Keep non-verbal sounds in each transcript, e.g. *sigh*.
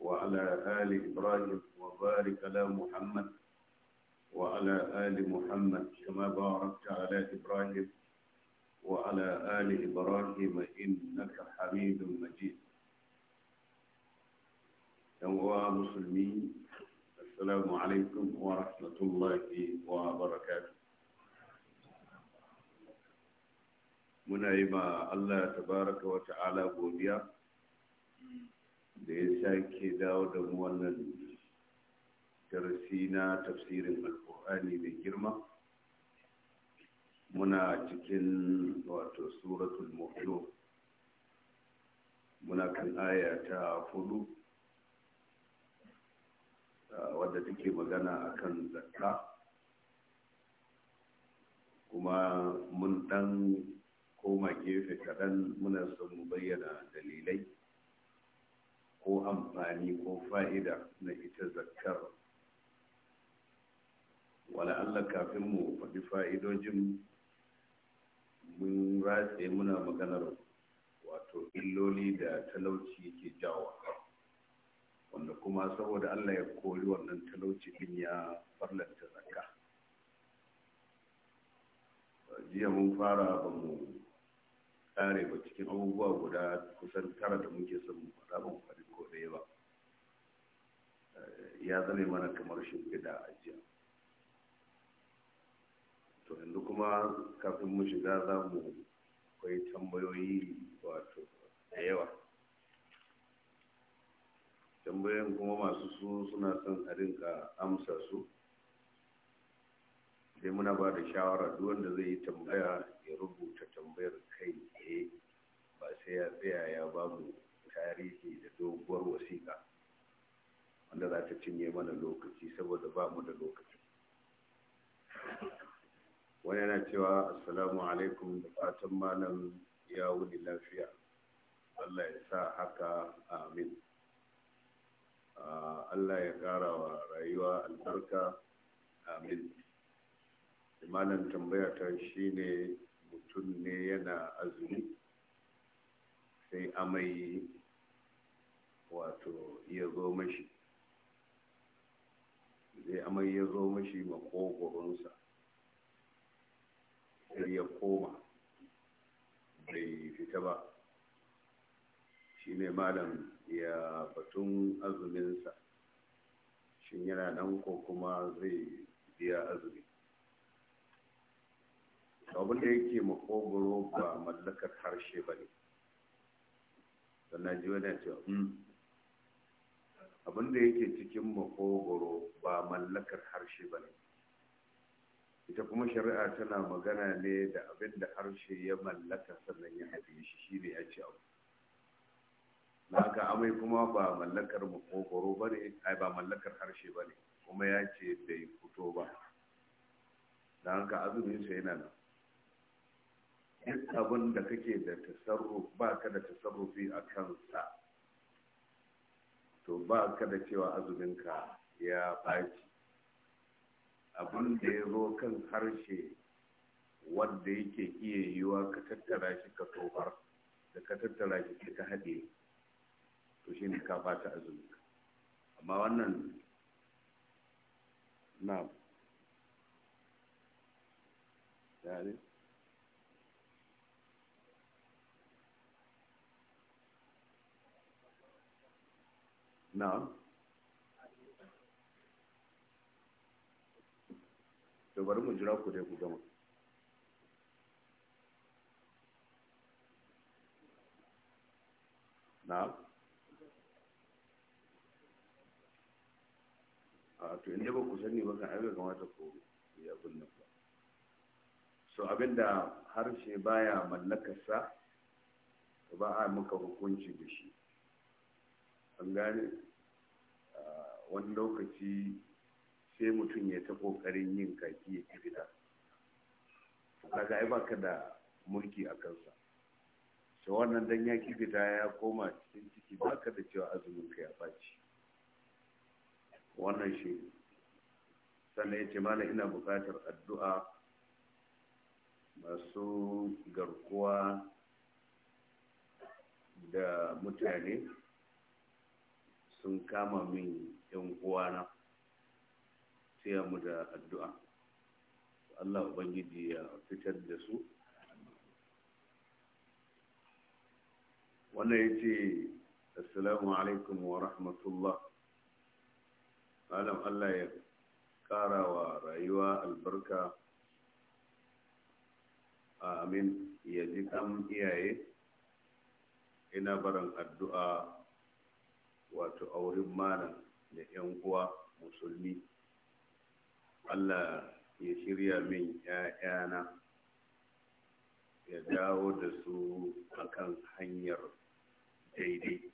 وعلى آل إبراهيم وبارك على محمد وعلى آل محمد كما باركت على إبراهيم وعلى آل إبراهيم إنك حميد مجيد يا مسلمين السلام عليكم ورحمة الله وبركاته muna الله تبارك وتعالى tabaraka da ya sake dawo da mu wannan darasi na tafsirin alkur'ani mai girma muna cikin wato suratul mu'minun muna kan aya ta hudu wadda take magana akan zakka kuma mun dan koma gefe kaɗan muna son mu bayyana dalilai ko amfani ko fa'ida na ita zakar. wala Allah kafin mu faɗi fa'idojin mun ratse muna maganar wato illoli da talauci ke jawo wanda kuma saboda Allah ya kori wannan talauci din ya farlanta zakka jiya mun fara ba mu kare ba cikin abubuwa guda kusan tara da muke son mu ban faɗi kome ba eh, ya zame mana kamar shimfiɗa a jiya to yanzu kuma kafin mu shiga za mu kwai tambayoyi wato da yawa tambayoyin kuma masu su suna son a rinka amsa su sai muna ba da shawara duk wanda zai yi tambaya ya rubuta tambayar kai ba sai ya tsaya ya ba tarihi da doguwar wasiƙa wanda za ta cinye mana lokaci saboda ba mu da lokaci wani yana cewa assalamu alaikum da fatan malam ya wuni lafiya allah ya sa haka amin allah ya ƙara wa rayuwa albarka amin malam tambaya ta ne mutum ne yana azumi sai amai wato ya zo mashi zai amai ya zo mashi makogoronsa sai ya koma bai fita ba shi ne malam ya batun azuminsa shi yana nan ko kuma zai biya azumi abin da yake makogoro ba mallakar harshe ba ne sannan ji wani cewa hmm, abin da yake cikin makogoro ba mallakar harshe ba ne ita kuma shari'a tana magana ne da abin da harshe ya mallaka sannan ya haɗe shi shi ne ya ce abu na amai kuma ba mallakar makogoro ba ne ai ba mallakar harshe ba ne kuma ya ce bai fito ba na haka azuminsa yana nan duk abin da kake da tasarrufi ba ka da tasarrufi a kansa to ba ka da cewa azuminka ya baci abin da ya zo kan harshe wanda yake iya yiwuwa ka tattara shi ka tofar da ka tattara shi ka haɗe to shi ne ka bata azuminka amma wannan na ne na'am to bari mu jira ku dai ku gama na'am a to inda ba ku sani ba kan aiki kamata ku yi abin nan ba so abinda harshe baya mallakarsa ba a muka hukunci da shi an gane wani lokaci sai mutum ya ta kokarin yin kaki ya fita daga ai baka da mulki a kansa sai wannan dan ya ki ya koma cikin ciki baka da cewa azumin ka ya baci wannan shi sannan ya ce mana ina bukatar addu'a masu garkuwa da mutane sun kama min yan uwana sai mu da addu'a Allah ubangiji ya fitar da su wannan ya ce assalamu alaikum wa rahmatullah malam Allah ya ƙara wa rayuwa albarka amin ya ji kam iyaye ina barin addu'a wato auren malam da 'yan uwa musulmi Allah ya shirya min 'ya'yana ya dawo da su akan hanyar daidai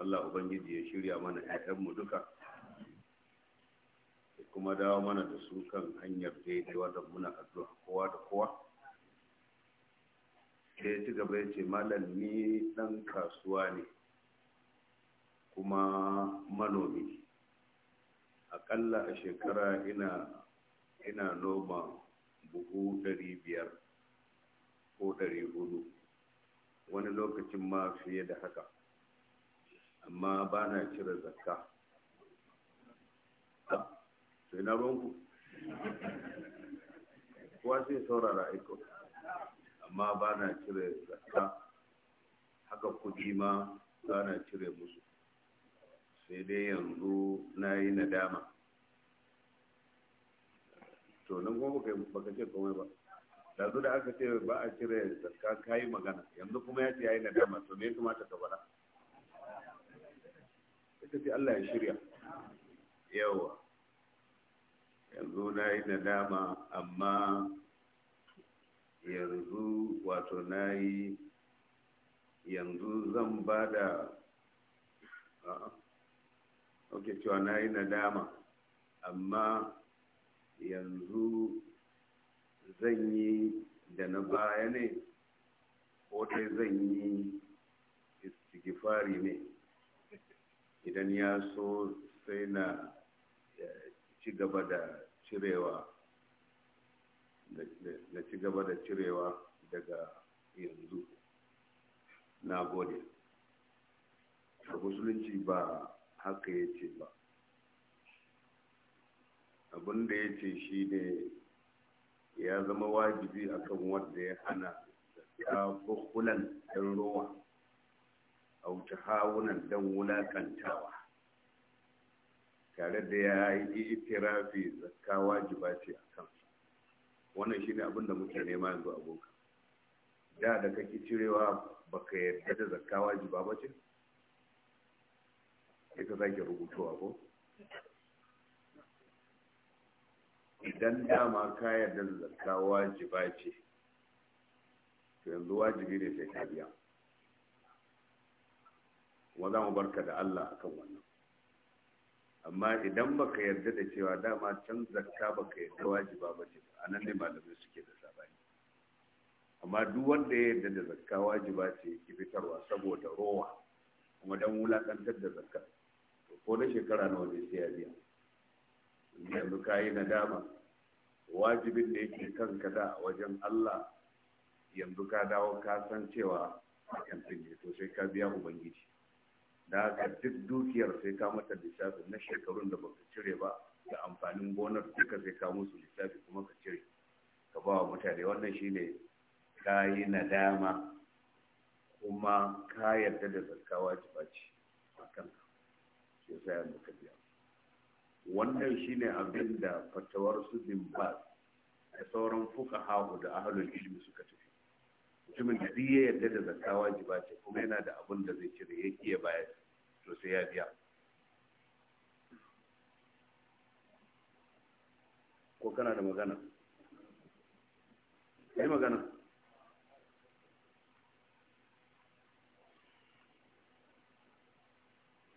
Allah Ubangiji ya shirya mana 'ya'yanmu duka ya kuma dawo mana da su kan hanyar daidai wadda muna addu'a kowa da kowa sai ci gaba ya ce malam ni ɗan kasuwa ne kuma manomi aƙalla a shekara ina ina noma buhu ɗari biyar ko ɗari hudu wani lokacin ma fiye da haka amma ba na cire zakka sai na kuwa sai saurara aiko amma ba na cire zakka haka kuɗi ma ba na cire musu sai dai yanzu na yi nadama to nan kuma baka baka ce komai ba yanzu da aka ce ba a cire ka kayi magana yanzu kuma ya ce yayi nadama to me ya kamata ka bara ita ce Allah ya shirya yawa yanzu na yi nadama amma yanzu wato na yi yanzu zan ba da ok cewa na yi nadama amma yanzu zan yi da na baya ne ko dai zan yi istighfari ne idan ya so sai na eh, ci gaba da cirewa na ci gaba da cirewa daga yanzu na gode a musulunci ba haka ya ce ba abin ya ce shi ne ya zama wajibi akan wanda ya hana da kukulan ɗan ruwa a wuce hawunan don wulakantawa tare da ya yi itirafi zakka wajiba ce a kan, wannan shi ne abin muke nema yanzu abokan da da kake cirewa baka yarda da zakka wajiba ba ce ita za ki rubutuwa ko idan dama kayan da zakka wajiba ce to yanzu wajibi ne sai ka biya kuma za mu barka da Allah akan wannan amma idan baka yarda da cewa dama can zakka baka yarda wajiba ba ce a nan ne malamai suke da sabani amma duk wanda ya yarda da zakka wajiba ce ki fitarwa saboda rowa kuma dan wulakantar da zakka ko na shekara nawa waje sai ya biya yanzu ka yi nadama wajibin da yake ka da a wajen Allah yanzu ka dawo ka san cewa hakan ne to sai ka biya ubangiji da ka duk dukiyar sai ka mata lissafi na shekarun da baka cire ba da amfanin gonar duka sai ka musu lissafi kuma ka cire ka ba wa mutane wannan shine ka yi nadama kuma ka yarda da wajiba ci ya maka biya wannan shine abin da fatawar su ba da sauran fuka hahu da ahalul ilimi suka tafi mutumin da duk ya yarda da zakka wajiba ce kuma yana da abin da zai cire ya baya to sai ya biya ko kana da magana magana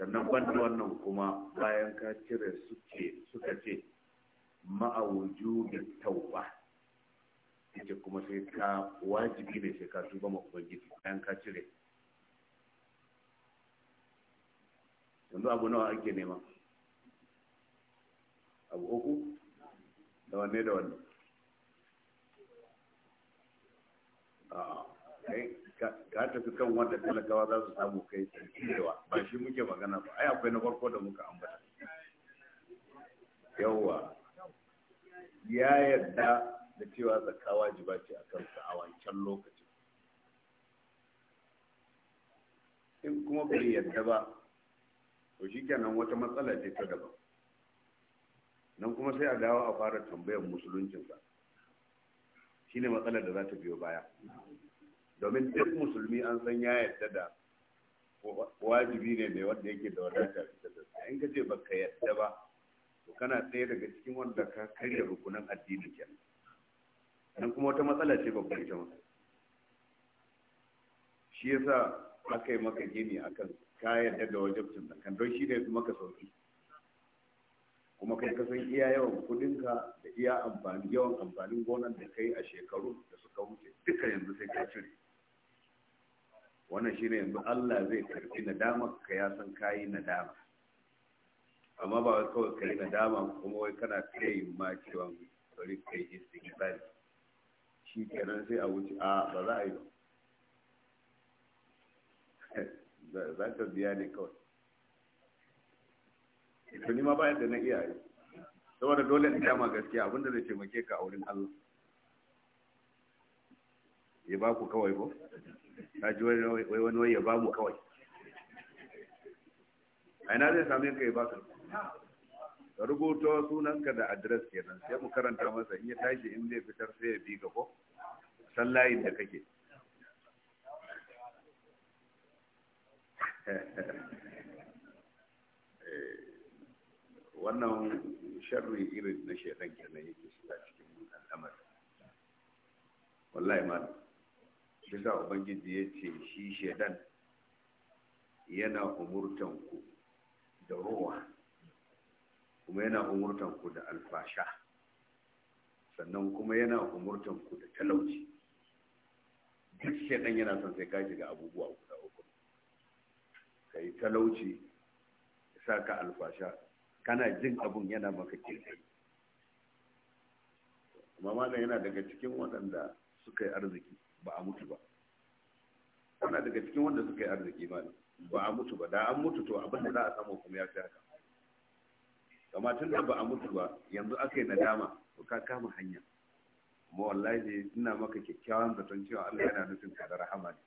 sannan ban wannan kuma bayan ka cire suke suka ce ma'awuju da tauba ita kuma sai ka wajibi ne sai ka tuba ma ubangiji bayan ka cire yanzu abu nawa ake nema abu uku da wanne da wanne ka tafi kan wanda talakawa za su samu kai cewa ba shi muke magana ba ai akwai na farko da muka ambata yawwa ya yarda da cewa zakka wajiba ce a kansa a wancan lokacin in kuma bai yarda ba to shi kenan wata matsala ce ta daban nan kuma sai a dawo a fara tambayar musuluncinsa shine matsalar da za ta biyo baya domin duk musulmi an san ya yarda da wajibi ne mai wanda yake da wadata da gaske in ka ce baka yarda ba to kana tsaye daga cikin wanda ka karya rukunan addini kenan nan kuma wata matsala ce babbar ita ma shi yasa aka yi maka gini akan ka yarda da wajibcin da kan don shi ne maka sauki kuma kai ka san iya yawan kudinka da iya amfani yawan amfanin gonan da kai a shekaru da suka wuce duka yanzu sai ka cire wannan shine yanzu Allah zai karfi nadama ka ya san kayi nadama amma ba wai kawai kai nadama kuma wai kana kai ma cewa bari kai istighfar shi kenan sai a wuce a ba za a yi ba *laughs* za ka biya ne kawai to ni ma bayan da na iya yi saboda dole in kama gaskiya abinda zai taimake ka a wurin Allah ya ba ku kawai ko ta ji wani wani ya ba mu kawai a ina zai sami ka ya ba ka ka rubuto sunanka da adres kenan sai mu karanta masa in ya tashi in zai fitar sai ya bi ka ko san layin da kake *laughs* wannan sharri irin na shaidan kenan yake shiga cikin al'amari wallahi malam shi sa ubangiji ya ce shi shaidan yana umurtanku da ruwa kuma yana umurtanku da alfasha sannan kuma yana umurtanku da talauci duk shaidan yana son sai ka shiga abubuwa guda uku ka yi talauci sa ka alfasha kana jin abun yana maka kirkai kuma yana daga cikin waɗanda suka yi arziki ba a mutu ba ana daga cikin wanda suka yi arziki ba ba a mutu ba da an mutu to abin da za a samu kuma ya fi haka kama tun da ba a mutu ba yanzu aka yi nadama to ka kama hanya amma wallahi ne ina maka kyakkyawan zaton cewa Allah yana nufin ka da rahama ne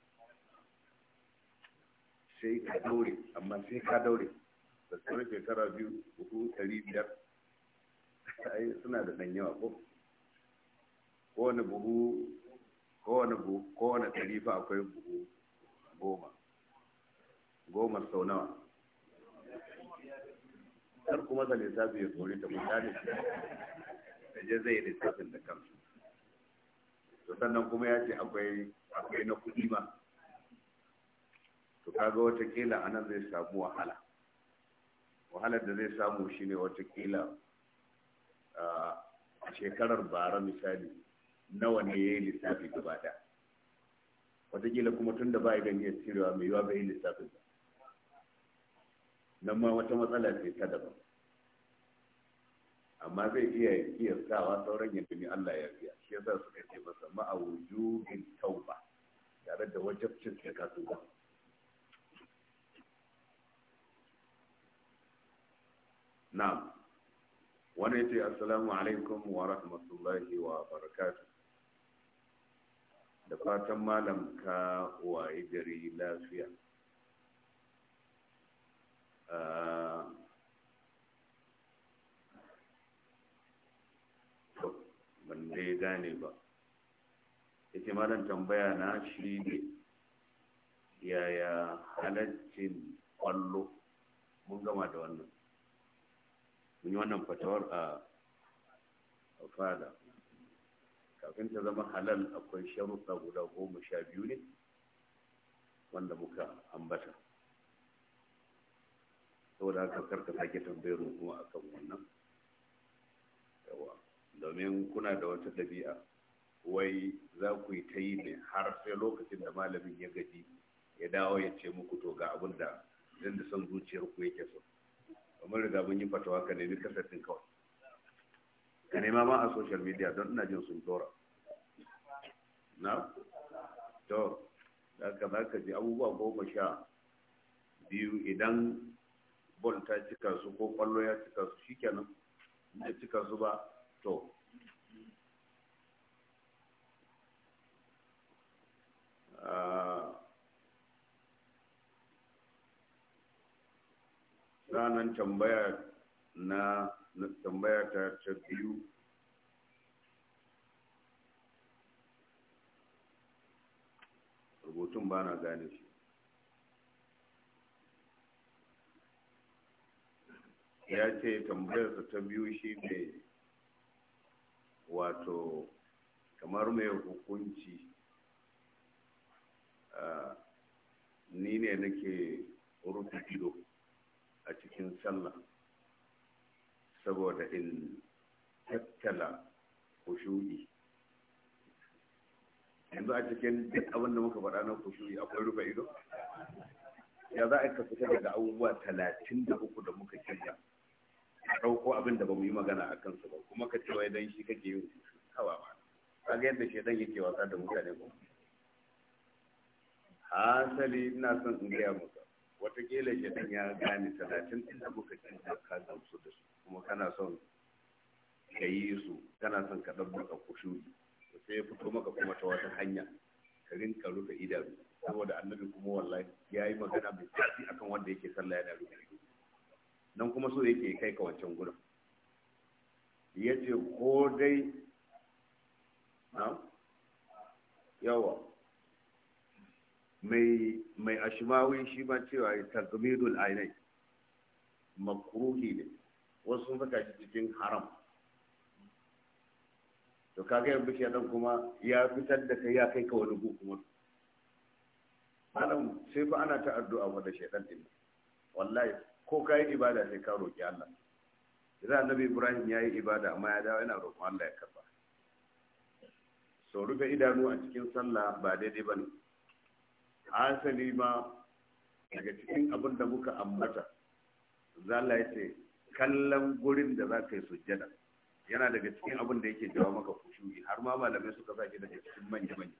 sai ka daure amma sai ka daure da sauran shekara biyu uku ɗari biyar suna da ɗan yawa ko kowane buhu kowane kowane tarifa akwai buhu goma goma sau nawa kar kuma sa lissafi ya tsori ta mutane da je zai lissafin da kansu to sannan kuma ya ce akwai akwai na kuɗi ba to kaga wata kila anan zai samu wahala wahalar da zai samu shine wata kila a ah, shekarar bara misali nawa ne ya yi lissafi gaba ɗaya wataƙila kuma tun da ba ya gani ya cirewa mai yiwa bai yi lissafin ba nan ma wata matsala ce ta daban amma zai iya iya sawa sauran yadda ne Allah ya biya shi yasa suka ce masa ma tauba tare da wajabcin da ka tuba na'am ya ce assalamu alaikum wa rahmatullahi wa barakatuh da fatan malam ka waye gari lafiya ah, ban dai gane ba ita malam tambaya na shi ne yaya halaccin kwallo mun gama da wannan mun yi wannan fatawar a fada kafin ta zama halal akwai sharuɗa guda goma sha biyu ne wanda muka ambata saboda haka karka sake tambayar mu kuma akan wannan yawa domin kuna da wata ɗabi'a wai za ku yi ta yi ne har sai lokacin da malamin ya gaji ya dawo ya ce muku to ga abin da zan da son zuciyar ku yake so kamar riga mun yi fatawa ka nemi kasafin kawai ka nema ma a social media don ina jin sun dora na to da ka za ka ji abubuwa goma sha biyu idan bol ta cika su ko kwallo ya cika su shikenan ya cika su ba to ranar ah, tambaya na tambaya ta biyu hoton ba na gane shi ya ce tambayarsa ta biyu shi ne wato kamar mai hukunci ni ne nake rufe ido a cikin sallah saboda in tattala kushu'i yanzu a cikin duk abin da muka faɗa na kushuri akwai rufe ido ya za a fita daga abubuwa talatin da uku da muka kirya ɗauko abin da ba mu yi magana a kansu ba kuma ka cewa idan shi kake yin kawa ma ga yadda shi dan yake wasa da mutane A hasali ina son in gaya muka watakila dan ya gane talatin da muka kirya ka gamsu da su kuma kana son ka yi su kana son ka ɗabbaka kushuri sai ya fito maka kuma ta wata hanya ka rinka rufe idanu saboda annabi kuma wallahi ya yi magana mai tsarki akan wanda yake sallah yana rufe nan kuma so yake kai ka wancan gurin ya ce ko dai na yawa mai mai ashimawi shi ma cewa ya targumidul ainai makruhi ne wasu sun saka shi cikin haram to kaga yanzu kenan kuma ya fitar da kai ya kai ka wani gu kuma malam sai fa ana ta addu'a wa da shaytan din wallahi ko kai ibada sai ka roki Allah idan annabi Ibrahim ya yi ibada amma ya dawo yana roƙon Allah ya karba so rufe idanu a cikin sallah ba daidai bane asali ma daga cikin abin da muka ambata zalla ya ce kallon gurin da za ka yi sujjada yana daga cikin abin da yake jawo maka kushuyi har ma malamai suka sa shi daga cikin manya manya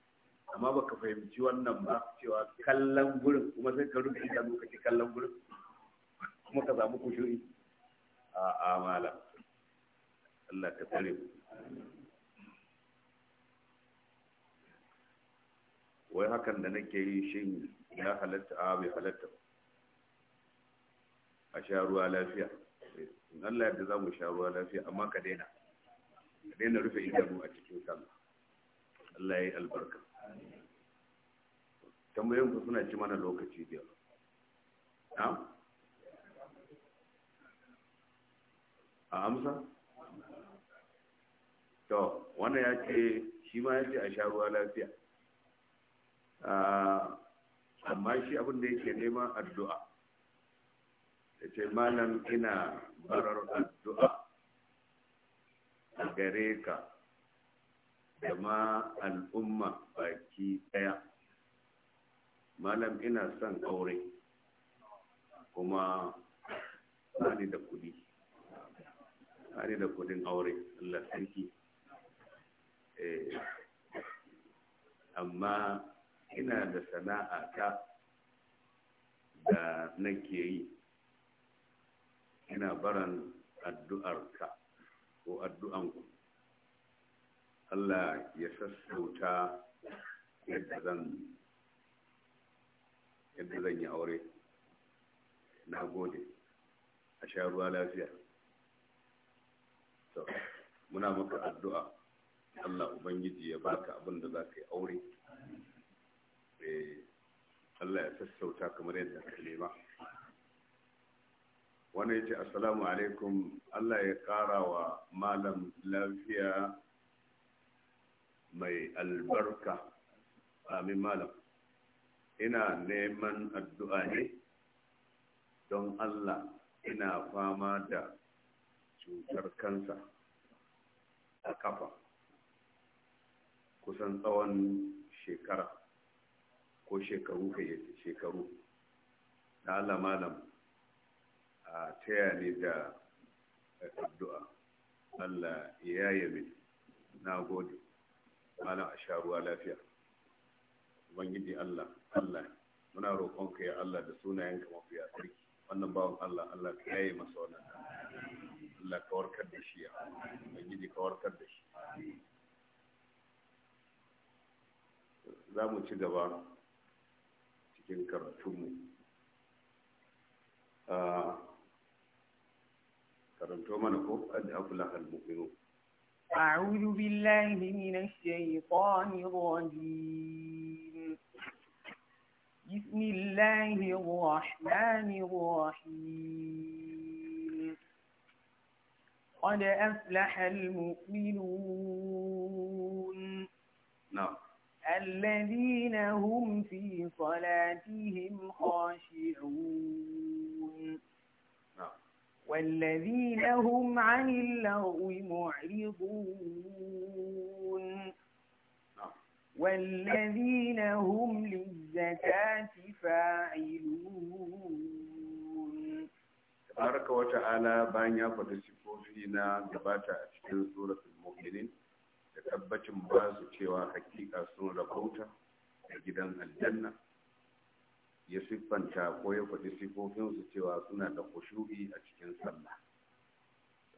amma baka fahimci wannan ba cewa kallon gurin kuma sai ka rufe idanu kake kallon gurin kuma ka samu kushuri a a malam Allah ka tsare mu wai hakan da nake yi shin ya halatta a bai halatta a sha ruwa lafiya in Allah yadda za mu sha ruwa lafiya amma ka daina ka rufe idanu a cikin sallah Allah ya albarka tambayoyin ku suna ci mana lokaci biyar na a amsa to wannan ya ce shi ma ya ce a sharuwa lafiya? lafiya amma shi abin da yake neman addu'a ya ce malam ina barar addu'a gare ka da ma al'umma baki ɗaya malam ina son aure kuma bani da kudi bani da kudin aure Allah sarki eh amma ina da sana'a ta da nake yi ina baran addu'ar ka. ko addu'anku Allah ya sassauta yadda zan yi aure na gode a sha ruwa lafiya to muna maka addu'a Allah Ubangiji ya baka abin da za ka yi aure eh, Allah ya sassauta kamar yadda ka nema. Wani ya ce assalamu alaikum allah ya ƙara wa malam lafiya mai albarka amin malam ina neman addu'a ne don allah ina fama da cutar kansa a kafa kusan tsawon shekara ko shekaru ka shekaru da allah malam ta yaya ni da addu'a Allah ya min na gode malam a sha ruwa lafiya ubangiji Allah Allah muna roƙonka ya Allah da sunayenka mafiya sarki wannan bawan Allah Allah ka yaye masa wannan Allah ka warkar da shi ya ubangiji ka warkar da shi za mu ci gaba cikin karatunmu ah, karanto من ko qad aflaha al أعوذ بالله من الشيطان الرجيم بسم الله الرحمن الرحيم قد أفلح المؤمنون نعم الذين هم في صلاتهم خاشعون والذين هم عن اللغو معرضون والذين هم للزكاة فاعلون تبارك وتعالى بان يفضل سفوفينا gabata a cikin suratul mu'minin da tabbacin ba su cewa hakika sun rabauta a gidan aljanna ya siffanta ko ya faɗi sifofinsu cewa suna da kushuri a cikin sallah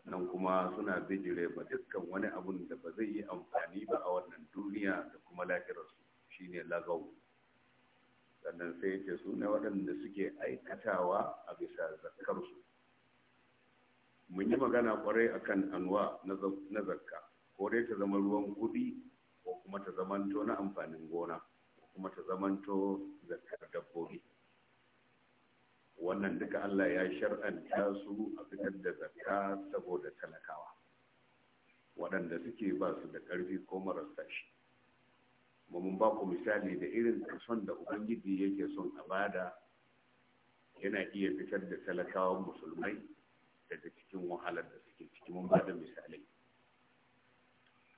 nan kuma suna bijire ba dukkan wani abun da ba zai yi amfani ba a wannan duniya da kuma lahirarsu shine lagau sannan sai ce su ne waɗanda suke aikatawa a bisa zakkarsu mun yi magana kwarai akan anwa na zakka ko dai ta zama ruwan kuɗi ko kuma ta zamanto na amfanin gona kuma ta zamanto zakar dabbobi wannan duka Allah ya shar'anta su a fitar da zakka saboda talakawa waɗanda suke ba su da ƙarfi ko marasa shi mun ba ku misali da irin kason da ubangiji yake son a bada yana iya fitar da talakawan musulmai daga cikin wahalar da suke ciki mun ba da misalai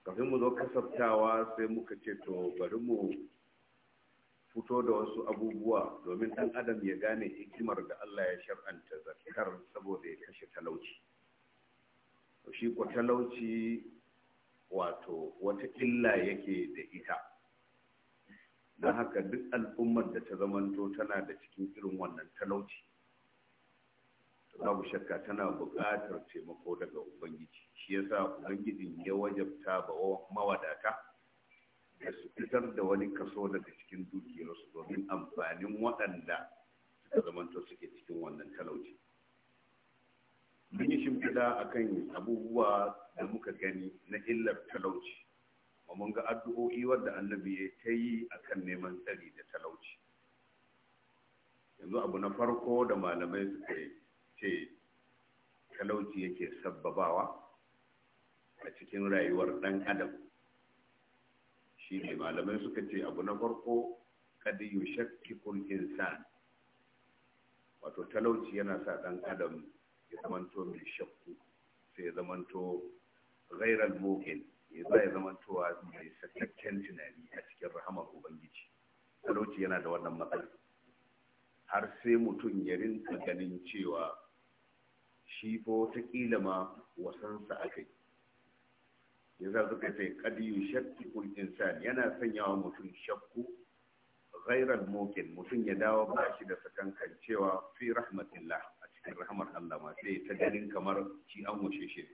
kafin mu zo kasaftawa sai muka ce to bari mu fito da wasu abubuwa domin ɗan adam ya gane hikimar da Allah ya shar'anta zakar saboda ya kashe talauci shi ko talauci wato wata illa yake da ita don haka duk al'ummar da ta zamanto tana da cikin irin wannan talauci babu shakka tana buƙatar taimako daga ubangiji shi yasa ubangijin ya wajabta ba mawadata da su fitar da wani kaso daga cikin dukiyarsu domin amfanin waɗanda suka zamanto suke cikin wannan talauci mun yi shimfiɗa a kan abubuwa da muka gani na illar talauci mun ga addu'o'i wadda annabi ya ta yi a kan neman tsari da talauci yanzu abu na farko da malamai suka ce talauci yake sabbabawa a cikin rayuwar ɗan adam shi ne malamai suka ce abu na farko kada yi kun insan wato talauci yana sa ɗan adam ya zamanto mai shakku sai ya zamanto ghairal mokin ya za ya zamantowa mai sakakken tunani a cikin rahamar ubangiji talauci yana da wannan matsala har sai mutum ya rinka ganin cewa shi ta wataƙila ma wasansa aka yi yasa suka ce kadiyu kul insan yana sanya wa mutum shakku ghairal mokin mutum ya dawo ba shi da sakankancewa cewa fi rahmatillah a cikin rahmar Allah ma sai ta ganin kamar shi an wuce shi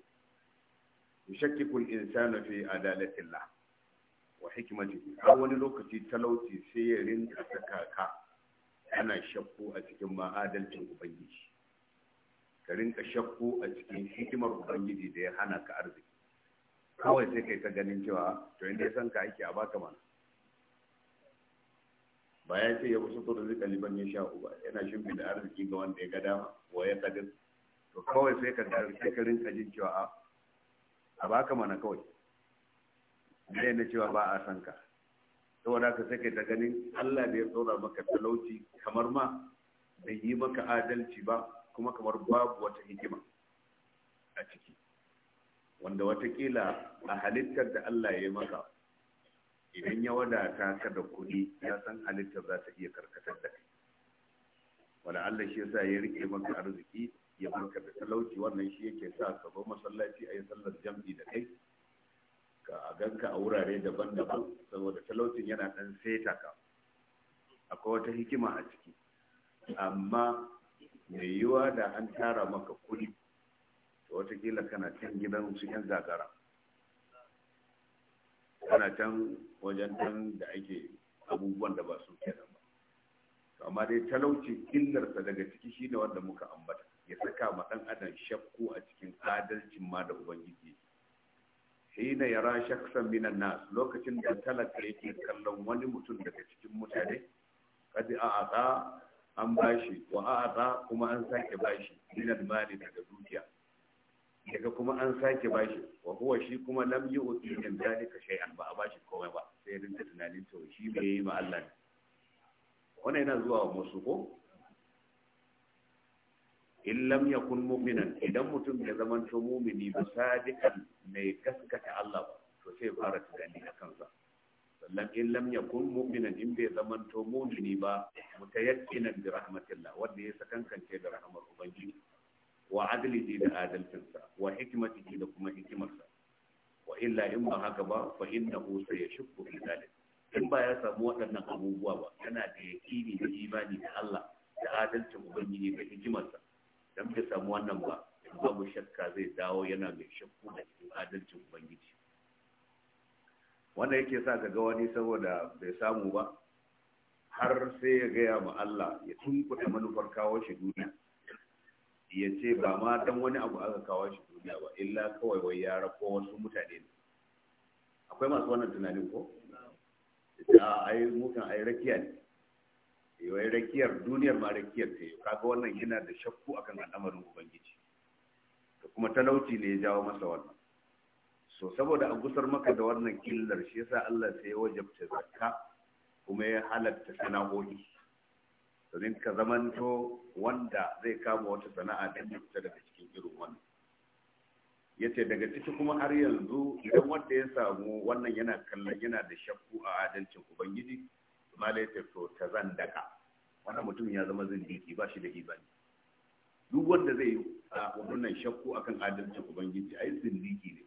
shakki kul insanu fi adalatillah wa hikmati a wani lokaci talauci sai ya rinka saka ka ana shakku a cikin ma'adalcin ubangiji ka rinka shakku a cikin hikimar ubangiji da ya hana ka arziki kawai sai kai ta ganin cewa to inda ya san ka aiki a baka mana ba ya ce ya kusa da zika liban ya sha uba yana shimfi da arziki ga wanda ya ga dama wa ya kadir to kawai sai ka ga shekarun ka jin cewa a baka mana kawai zai na cewa ba a san ka saboda ka sai kai ta ganin Allah da ya tsora maka talauci kamar ma bai yi maka adalci ba kuma kamar babu wata hikima a ciki wanda watakila a halittar da Allah ya yi maka idan ya wadata ka da kuɗi ya san halittar za ta iya karkatar da kai wanda Allah shi yasa ya rike maka arziki ya barka da talauci wannan shi yake sa ka bar masallaci a yi sallar jam'i da kai ka a ganka a wurare daban-daban saboda talaucin yana ɗan seta ka akwai wata hikima a ciki amma mai yiwa da an tara maka kuɗi watakila kana can gidan su yan zagara. kana can wajen can da ake abubuwan da ba su kenan ba amma dai talauci illarsa daga ciki shine wanda muka ambata ya saka ma dan adam shakku a cikin adalcin ma da ubangiji hina yara shaksan minan nas lokacin da talaka yake kallon wani mutum daga cikin mutane kadi a aka an bashi wa a kuma an sake bashi minan mali daga dukiya daga kuma an sake bashi wa huwa shi kuma lam yi uti min zalika shay'an ba a bashi komai ba sai ya rinta tunanin to shi me yi ma Allah ne wannan yana zuwa wa musu ko in lam yakun mu'minan idan mutum ya zama to mu'mini ba sadiqan mai gaskata Allah ba to sai fara tunani a kansa sannan in lam yakun mu'minan in bai zama to mu'mini ba mutayakkinan bi rahmatillah wanda ya sakankance da rahmar ubangiji wa adlihi da adalcinsa wa hikmatihi da kuma hikimarsa wa illa in ba haka ba fa innahu sayashku fi dalil. in ba ya samu waɗannan abubuwa ba yana da yakini da imani da Allah da adalcin ubangiji da hikimarsa dan bai samu wannan ba babu shakka zai dawo yana mai shakku da cikin adalcin ubangiji wanda yake sa ka ga wani saboda bai samu ba har sai ya gaya ma Allah ya tunkuɗa manufar kawo shi duniya ya ce ba ma dan wani abu aka kawo shi duniya ba illa kawai wai ya rako wasu mutane ne akwai masu wannan tunanin ko da ai mukan ai rakiya ne yawai eh, rakiyar duniyar ma rakiyar ce kaga wannan yana da shakku akan al'amarin ubangiji da kuma talauci ne ya jawo masa wannan so saboda a gusar maka da wannan killar shi yasa Allah sai ya wajabta zakka kuma ya halatta sana'o'i domin ka zamanto wanda zai kama wata sana'a don ya fita daga cikin irin wannan ya ce daga ciki kuma har yanzu idan wanda ya samu wannan yana kallon yana da shakku a adalcin ubangiji mala ya to ta zan daka. wannan mutum ya zama zindiki ba shi da imani duk wanda zai yi a wannan shakku akan adalcin ubangiji ai zindiki ne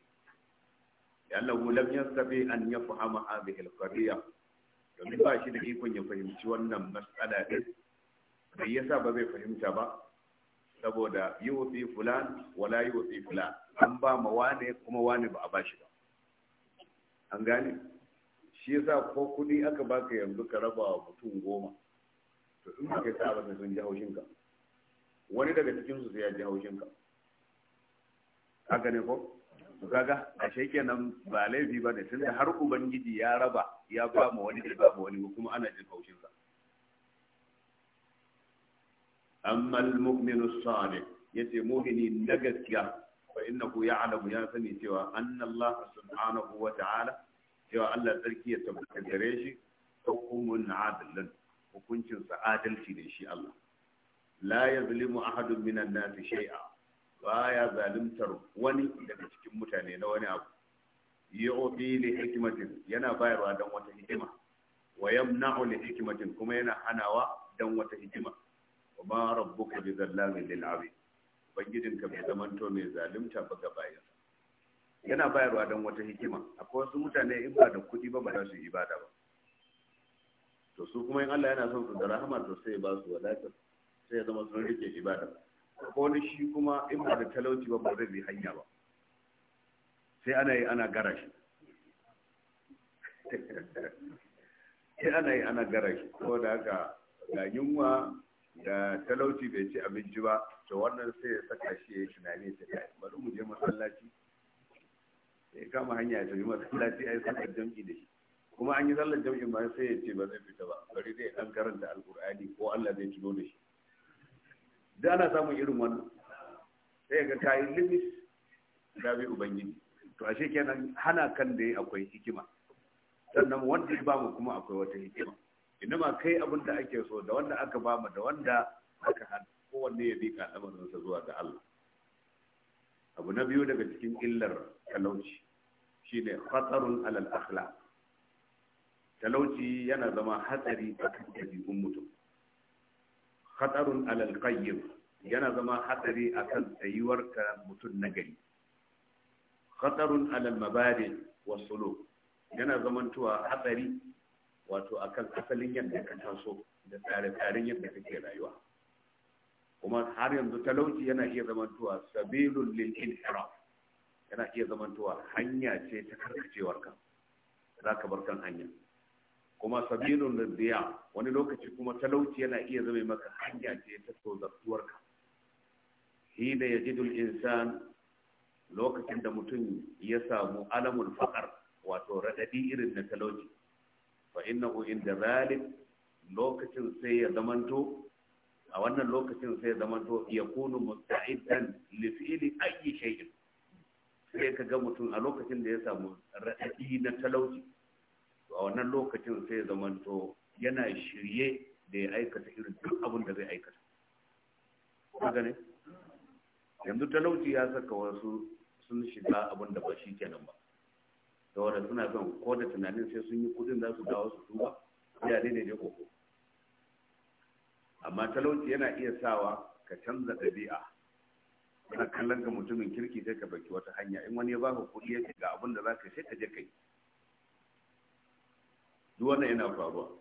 yallahu lam yasabi an yafhama hadhihi al-qadiya domin ba shi da ikon ya fahimci wannan mas'ala din bai yasa ba zai fahimta ba saboda yi wufi fulan wala yi wufi fulan an ba ma wane kuma wane ba a ba shi ba an gane shi yasa ko kuɗi aka baka yanzu ka raba wa mutum goma to in ka sa ba sun ji haushin ka. wani daga cikin su sai ya ji haushin ka. haka ne ko to kaga ashe nan ba laifi ba ne tunda har ubangiji ya raba ya ba ma wani ba ma wani kuma ana jin haushin sa amma al-mu'minu salih yace mu'mini na gaskiya fa innahu ya'lamu ya sani cewa anna Allah subhanahu wa ta'ala cewa Allah sarki ya tabbata gare shi hukumun adlan hukuncin sa adalci ne shi Allah la yazlimu ahadun minan nas shay'a baya zalimtar wani daga cikin mutane na wani abu yu'ti li hikmatin yana bayarwa dan wata hikima wa yamna'u li hikmatin kuma yana hanawa dan wata hikima ma rabbuka bi zallamin lil abid ubangijinka bai zamanto mai zalunta ba ga yana bayarwa don wata hikima akwai wasu mutane in ba da kuɗi ba ba za su yi ibada ba to su kuma in Allah yana son su da rahama to sai ba su wadata sai ya zama sun rike ibada ko wani shi kuma in ba da talauci ba ba zai bi hanya ba sai ana yi ana gara shi *laughs* sai ana yi ana gara shi ko da haka ga yunwa da talauci bai ci abinci ba to wannan sai ya saka shi ya yi tunani ta kai bari mu je masallaci ya kama hanya ya tafi masallaci a yi sallar jam'i da shi kuma an yi sallar jam'i ma sai ya ce ba zai fita ba bari zai dan karanta alkur'ani ko Allah zai tuno da shi da ana samun irin wannan sai ga kayi limit da bai ubangiji to ashe kenan hana kan da akwai hikima sannan wanda ba mu kuma akwai wata hikima inama kai abin da ake so da wanda aka bamu da wanda aka hana kowanne ya bika lamarinsa zuwa ga Allah abu na biyu daga cikin illar talauci shine khatarun alal akhla. talauci yana zama hatsari a kan ɗabi'un mutum khatarun alal qayyim yana zama hatsari a kan tsayuwar mutum na gari khatarun alal mabari wa sulu yana zamantowa hatsari wato akan asalin yadda ka taso da tsare-tsaren yadda kake rayuwa kuma har yanzu talauci yana iya zamantowa sabilun lil inhiraf yana iya zamantowa hanya ce ta karkacewar ka za ka bar kan hanya kuma sabilun lidiya wani lokaci kuma talauci yana iya zama maka hanya ce ta tozartuwar ka ya ji insan lokacin da mutum ya samu alamul faɗar wato raɗaɗi irin na talauci fa innahu inda zalik lokacin sai ya zamanto a wannan lokacin sai ya zamanto ya kunu musta'idan li fi'li ayyi shay'in sai ka ga mutum a lokacin da ya samu raɗaɗi na talauci a wannan lokacin sai ya zamanto yana shirye da ya aikata irin duk abin da zai aikata haka ne yanzu talauci ya saka wasu sun shiga abin da ba shi kenan ba da wanda suna son ko da tunanin sai sun yi kudin za su dawo su tuba ya daidai ko koko amma talauci yana iya sawa ka canza ɗabi'a kana kallon ga mutumin kirki sai ka baki wata hanya in wani ya baka kuɗi ya ga abin da za ka sai ka je kai duk wannan yana faruwa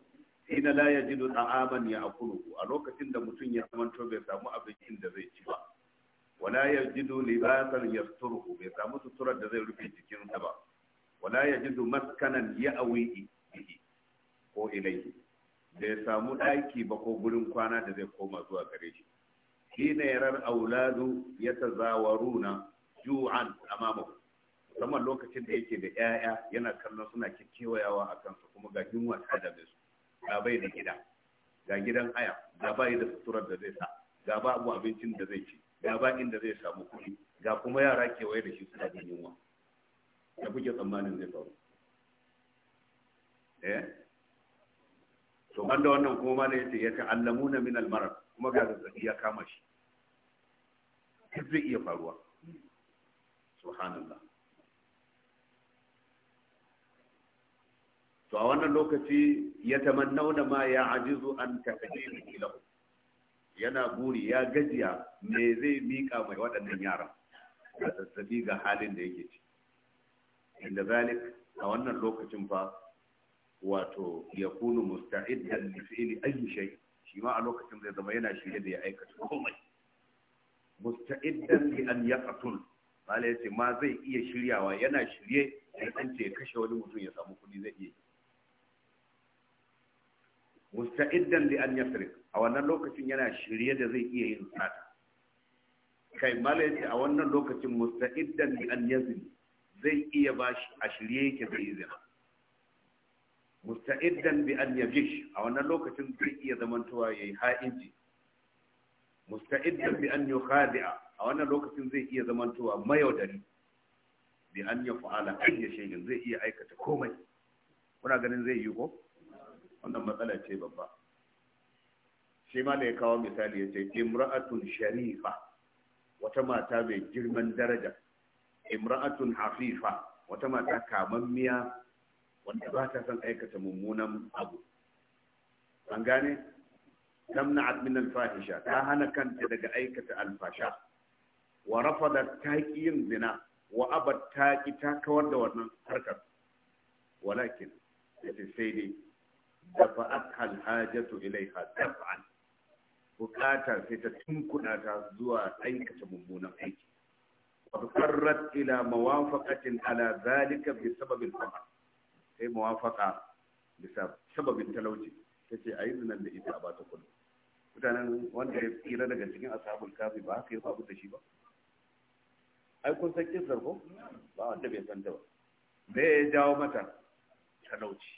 ina la jidu ta'aman akulu a lokacin da mutum ya zamanto bai samu abincin da zai ci ba wala Jidu libasan yasturuhu bai samu suturar da zai rufe jikinsa ba wala yajidu maskanan ya'awi bihi ko da bai samu ɗaki ba ko gurin kwana da zai koma zuwa gare shi shine yarar auladu ya tazawaruna ju'an amamahu musamman lokacin da yake da 'ya'ya yana kallon suna kewayawa a kansu kuma ga yunwa ta dame su ga bai da gida ga gidan aya ga bai da suturar da zai sa ga ba abincin da zai ci ga ba inda zai samu kuɗi ga kuma yara kewaye da shi suna da yunwa da kuke tsammanin zai faru eh to banda wannan kuma ma yace ya ta'allamuna min al-marad kuma ga zazzabi ya kama shi zai iya faruwa subhanallah to a wannan lokaci ya tamannauna ma ya ajizu an taqdimi lahu yana buri ya gajiya me zai mika mai waɗannan yaran a zazzabi ga halin da yake ciki inda zalik a wannan lokacin fa wato ya kunu musta'iddan da fi'li ayi shay shi ma a lokacin zai zama yana shirye da ya aikata komai musta'iddan li an yaqtul mala yace ma zai iya shiryawa yana shirye sai an ce kashe wani mutum ya samu kuɗi zai iya musta'iddan li an yasrik a wannan lokacin yana shirye da zai iya yin sata kai mala yace a wannan lokacin musta'iddan li an yazni zai iya bashi a shirye yake da izina musta'iddan bi an yajish a wannan lokacin zai iya zamantowa yayi ha'inci musta'iddan bi an yukhadi'a a wannan lokacin zai iya tuwa mayaudari bi an yaf'ala ayyi shay'in zai iya aikata komai kuna ganin zai yi ko wannan matsala ce babba shi ma da ya kawo misali ya ce imra'atun sharifa wata mata mai girman daraja imra'atun Hafifa wata mata kamammiya wanda ba ta son aikata mummunan abu an gane tamna'at min fahisha ta hana kanta daga aikata alfasha wa rafadat taqiyin zina wa ta taqi ta kawar da wannan harkar walakin yace sai dai dafa'at hal hajatu ilaiha daf'an bukata sai ta tunkuna ta zuwa aikata mummunan aiki فاضطرت الى موافقه على ذلك بسبب الفقر هي موافقه بسبب التلوجي تجي عيننا اللي إتابات كله mutanen wanda ya tsira daga cikin ashabul kafi ba haka ya faru da shi ba ai kun ko ba wanda bai san ta ba ya jawo mata talauci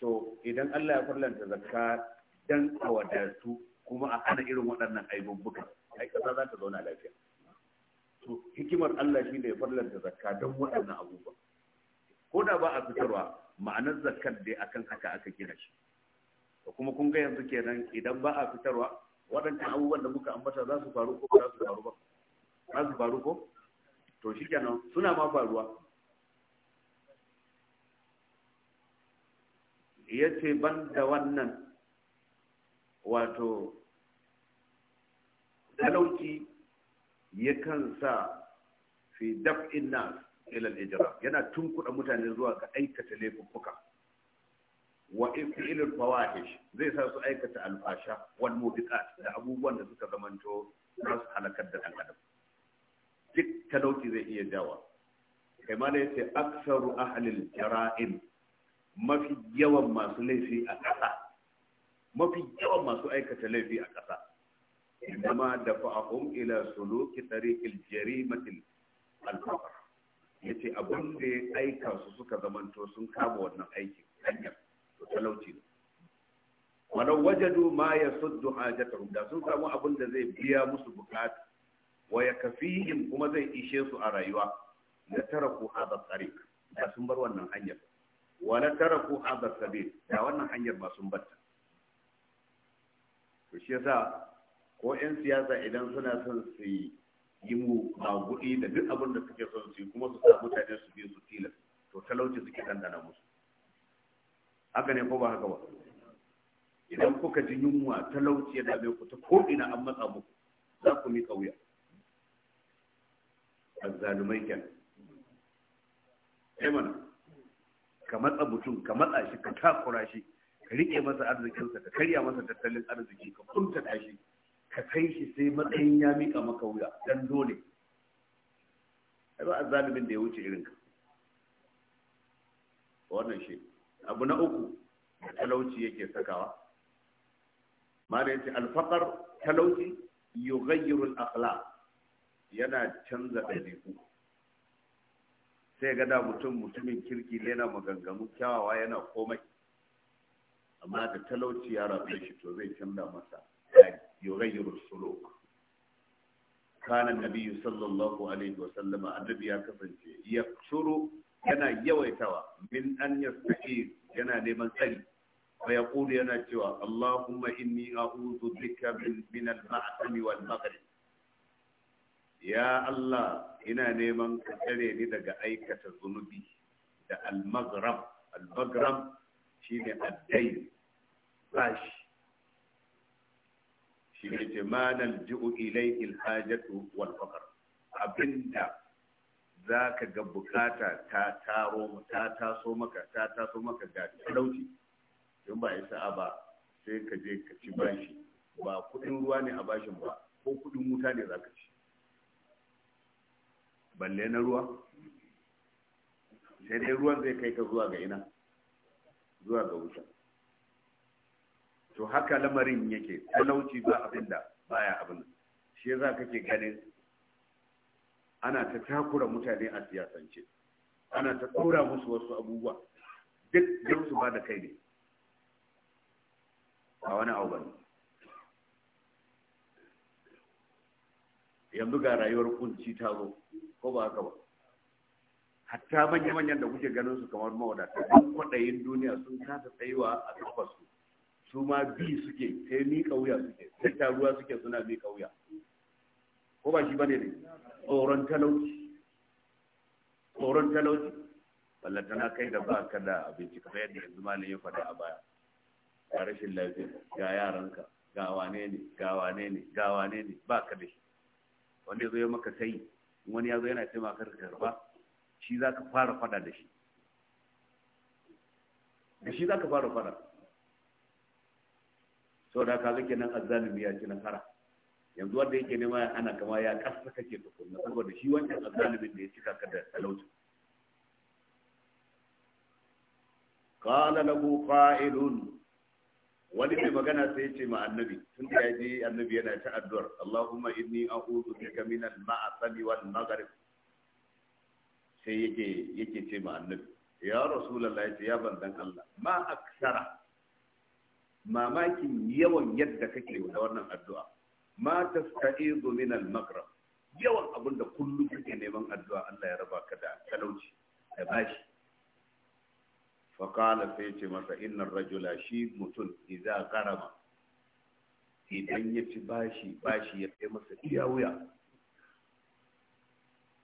so idan Allah ya farlanta zakka dan a wadatu kuma a hana irin waɗannan aibubbuka ai kasa za ta zauna lafiya to hikimar Allah shine ya farlanta zakka don waɗannan abubuwa ko da ba a fitarwa ma'anar zakkar dai akan haka aka gina shi to kuma kun ga yanzu kenan idan ba a fitarwa waɗannan abubuwan da muka ambata za su faru ko ba za su faru ba za su faru ko to kenan suna ma faruwa ya ce ban da wannan wato talauci yakan sa fi daf'in nas ila al-ijra yana tunkuda mutane zuwa ga aikata laifuffuka wa al fawahish zai sa su aikata al-fasha wal mubiqat da abubuwan da suka zamanto nas su halakar da dan adam duk talauci zai iya jawa kai ma dai sai aksaru al jara'im mafi yawan masu laifi a ƙasa mafi yawan masu aikata laifi a ƙasa إنما دفعهم إلى سلوك طريق الجريمة الفقر yace abin da ya aika su suka zamanto sun kama wannan aikin hanyar to talauci ne walau wajadu ma yasuddu hajatahum da sun samu abin da zai biya musu bukatu wa yakfihim kuma zai ishe su a rayuwa la taraku hadha tariq da sun bar wannan hanyar wa la taraku hadha sabil da wannan hanyar ba sun batta to shi yasa ko 'yan siyasa idan suna son su yi mu magudi da duk abin da suke son su yi kuma su sa mutane su biyu su tila to talauci suke dandana musu haka ne ko ba haka ba idan kuka ji yunwa talauci ya dame ku ta ko ina an matsa muku za ku mi kauya azzalumai kenan sai mana ka matsa mutum ka matsa shi ka takura shi ka riƙe masa arzikinsa ka karya masa tattalin arziki ka kunta shi ka kai shi sai matsayin ya mika maka wuya dan dole ai ba zalibin da ya wuce irin ka wannan shi abu na uku talauci yake sakawa mara yace alfakar talauci yughayyiru al yana canza ɗabi'u sai gada mutum mutumin kirki yana maganganu kyawawa yana komai amma da talauci ya rabe shi to zai canza masa tsari يغير السلوك كان النبي صلى الله عليه ya kasance كفنجي يقشر yana yawaitawa min an yastaqi yana neman tsari fa yaqul yana cewa Allahumma inni a'udhu bika min al-ma'sami wal maghrib ya Allah ina neman ka tsare ni daga aikata zunubi da al-maghrab al-maghrab shine addai bashi shi ne ce ma nalji'u ilayhi alhajatu wal faqr abinda za ka ga bukata ta taro ta taso maka ta taso maka ga talauci in ba isa ba sai ka je ka ci bashi ba kudin ruwa ne a bashin ba ko kudin wuta ne za ka ci balle na ruwa sai dai ruwan zai kai ka zuwa ga ina zuwa ga wuta to haka lamarin yake talauci ba abin da baya abin shi yasa kake ganin ana ta takura mutane a siyasance ana ta kora musu wasu abubuwa duk don su ba da kai ne a wani abu ne yanzu ga rayuwar kunci ta zo ko ba haka ba hatta manya-manyan da kuke ganin su kamar mawadata don kwaɗayin duniya sun kasa tsayuwa a su su ma bi suke sai ni kauya suke sai taruwa suke suna miƙa kauya. ko ba shi bane ne tsoron talauci tsoron talauci ballanta na kai da ba ka da abinci kamar yadda yanzu malam ya faɗa a baya ga rashin lafiya ga yaranka ga wane ne ga wane ne ga wane ne ba ka da shi wanda ya zo ya maka sai wani ya zo yana ce maka ka karba shi za ka fara faɗa da shi da shi za ka fara faɗa saboda kaga kenan azzalimi ya ci nasara yanzu wanda yake nema ya ana kama ya kasa kake tukunna saboda shi wancan azzalimin da ya cika ka da talauci qala qa'ilun wani mai magana sai ce ma annabi tun da ya je annabi yana ta addu'ar Allahumma inni a'udhu bika min al-ma'asali wal maghrib sai yake yake ce ma annabi ya rasulullahi ya ce ya banzan Allah ma aksara mamakin yawan yadda kake da wannan addu'a ma sa'idu min al-maghrib yawan abin da kullum kake neman addu'a Allah ya raba ka da talauci da bashi fa qala sai ce masa innar rajula shi mutun idza qarama idan ya ci bashi bashi ya kai masa iya wuya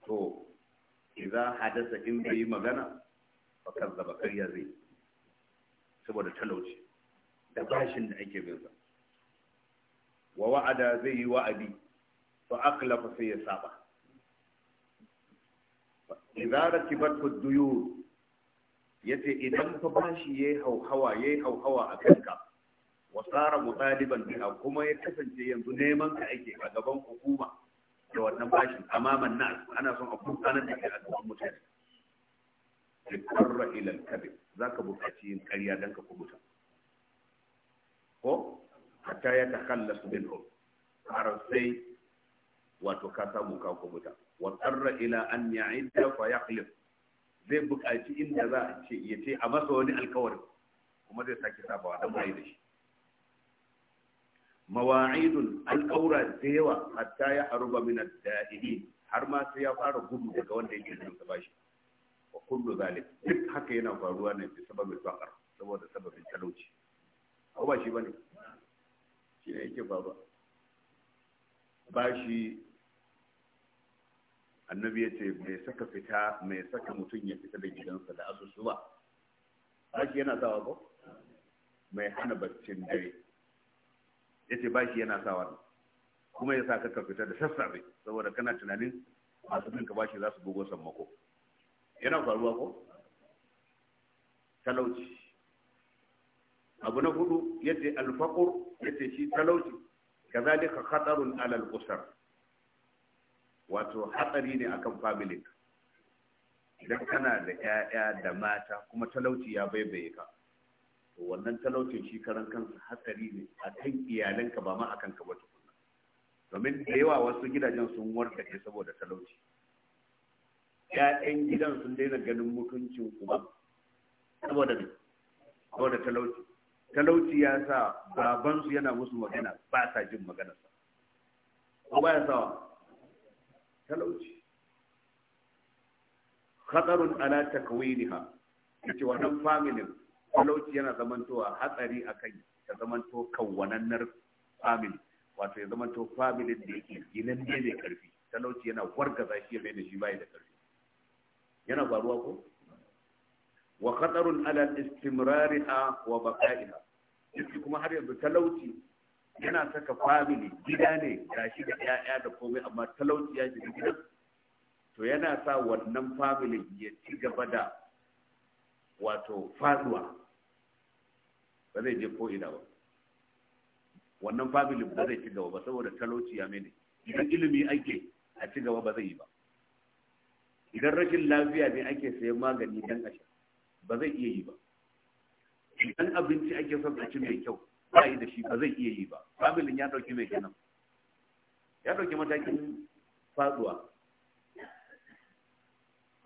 to idza hadasa in bai magana fa kazzaba kariya zai saboda talauci da bashin da ake bin sa wa wa'ada zai yi wa'adi fa aqlafa sai ya saba idza rakibat ad-duyur yace idan fa bashi yayi hauhawa yayi hauhawa a kanka wa tsara mutaliban biha kuma ya kasance yanzu neman ka ake a gaban hukuma da wannan bashin amaman nas ana son a kusanar da kai a gaban mutane likarra ila al zaka buƙaci yin ƙarya dan ka kubuta ko hatta ya bin minhum har sai wato ka samu ka kubuta wa qarra ila an ya'idda fa yaqlib zai buƙaci inda za a ce ya ce a masa wani alkawari kuma zai sake sabawa dan bai da shi mawa'idun alƙaura da yawa hatta ya ruba min ad-da'ibi har ma sai ya fara gudu daga wanda yake da bashi wa kullu zalik duk haka yana faruwa ne bi sababin saboda sababin talauci ko ba shi bane shi ne yake baba ba shi annabi ya ce mai saka fita mai saka mutum ya fita da gidansa da asusu ba ba shi yana sawa ko? mai hana baccin dare ya ce ba shi yana sawa ne kuma ya sa kaka fita da sassafe saboda kana tunanin masu ninka ba shi za su bugo sammako yana faruwa ko talauci abu na hudu yace alfaqur yace shi talauci kazalika khatarun ala alal usar wato hatsari ne akan family idan kana da 'ya'ya da mata kuma talauci ya baibaye ka to wannan talaucin shi karan kansa hatsari ne akan iyalanka ba ma akan ka ba tukunna domin da yawa wasu gidajen sun warka ke saboda talauci Ya'yan gidan sun daina ganin mutuncin uba saboda ne saboda talauci talauci ya sa babansu yana musu magana ba sa jin maganarsa ko ba ya sawa talauci khatarun ala takwiniha yace wannan family talauci yana zamantowa hatsari akan ta zamanto kawwanannar family wato ya zamanto familin da yake ginin ne mai karfi talauci yana wargaza shi ya mai da shi bai da karfi yana faruwa ko wa khatarun ala istimrariha wa baqa'iha shi kuma har yanzu talauci yana saka family gida ne shi da 'ya'ya da komai amma talauci ya shiga gidan to yana sa wannan family ya ci gaba da wato faduwa ba zai je ko ina ba wannan family ba zai ci gaba ba saboda talauci ya mene idan ilimi ake a ci gaba ba zai yi ba idan rashin lafiya ne ake sayan magani dan a sha ba zai iya yi ba idan abinci ake son a mai kyau ba yi da shi ba zai iya yi ba familin ya dauki mai kenan ya dauki matakin faduwa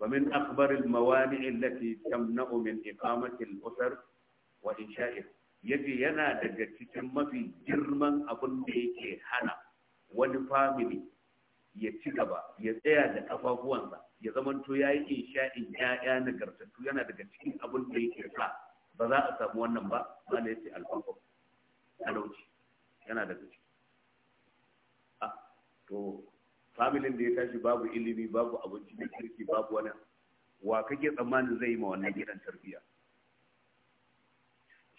ومن أكبر الموانع التي تمنع من إقامة wa وإنشائه yace yana daga cikin mafi girman abin da yake hana wani famili ya ci gaba ya tsaya da kafafuwansa ya zamanto ya yi insha'in ya'ya na nagartattu yana daga cikin abin da yake sa ba za a samu wannan ba ba na yace alfafa talauci yana daga ciki a ah, to familin da ya tashi babu ilimi babu abinci da kirki babu wani wa kake tsammanin zai yi ma wannan gidan tarbiyya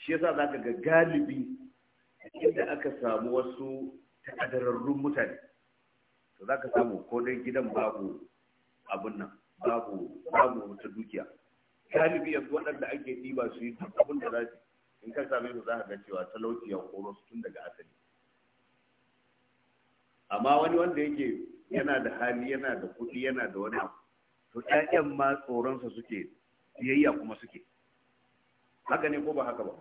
shi yasa za ka ga galibi inda aka samu wasu ta'adararrun mutane to za ka samu ko dai gidan babu abin nan babu babu wata dukiya galibi yanzu waɗanda ake ɗiba su yi duk abin da za su in ka same su za ka ga cewa talauci ya koro su tun daga asali amma wani wanda yake yana da hali yana da kuɗi yana da wani abu to ƴaƴan ma tsoronsa suke siyayya kuma suke haka ne ko ba haka ba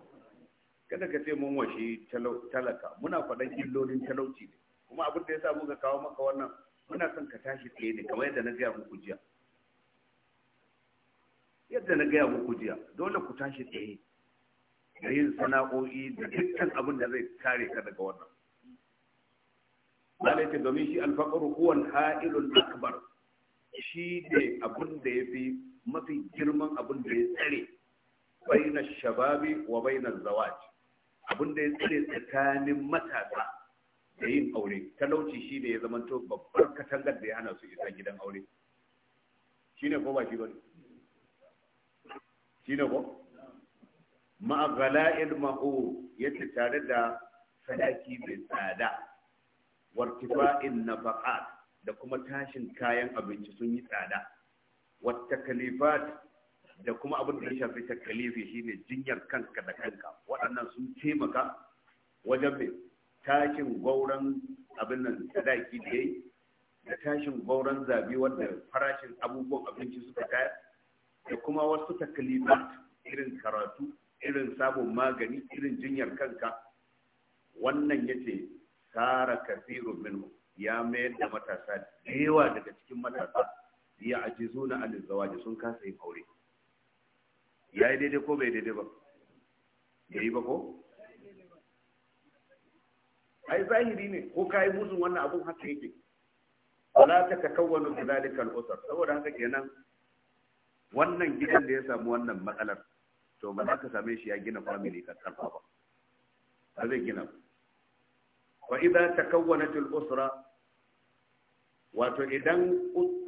kada ka ce mun washe talaka muna faɗan illolin talauci ne kuma abin da ya sa muka kawo maka wannan muna son ka tashi tsaye ne kamar yadda na gaya muku jiya yadda na gaya muku jiya dole ku tashi tsaye da yin sana'o'i da dukkan abin da zai kare ka daga wannan ta domin shi alfaqaru huwan ha'ilul akbar shi ne abin da ya fi mafi girman abin da ya tsare baina shababi wa baina zawaj abin da ya tsare tsakanin matasa da yin aure talauci shi ne ya zamanto babbar katangar da ya hana su isa gidan aure shi ne ko ba shi ba shi ne ko ma'agala'il ma'o yadda tare da sadaki mai tsada wartifa'in nafaqat da kuma tashin kayan abinci sun yi tsada wata kalifat da kuma abin da ya shafi ta kalifi shi ne jinyar kanka da kanka waɗannan sun taimaka wajen mai tashin gwauron abin nan sadaki da yayi da tashin gwauron zabi wanda farashin abubuwan abinci suka tayar da kuma wasu takalimat irin karatu irin sabon magani irin jinyar kanka wannan yace tsara kafiru minhu ya mayar da matasa da yawa daga cikin matasa ya ajizu na alizawaji sun kasa yin aure ya yi daidai ko bai daidai ba ya yi ba ko ai zahiri ne ko kai musu wannan abun haka yake wala ta takawwanu bidalika al-usr saboda haka kenan wannan gidan da ya samu wannan matsalar to ba za ka same shi ya gina family ka karfa ba ba zai gina wa idza takawwanat al-usra wato idan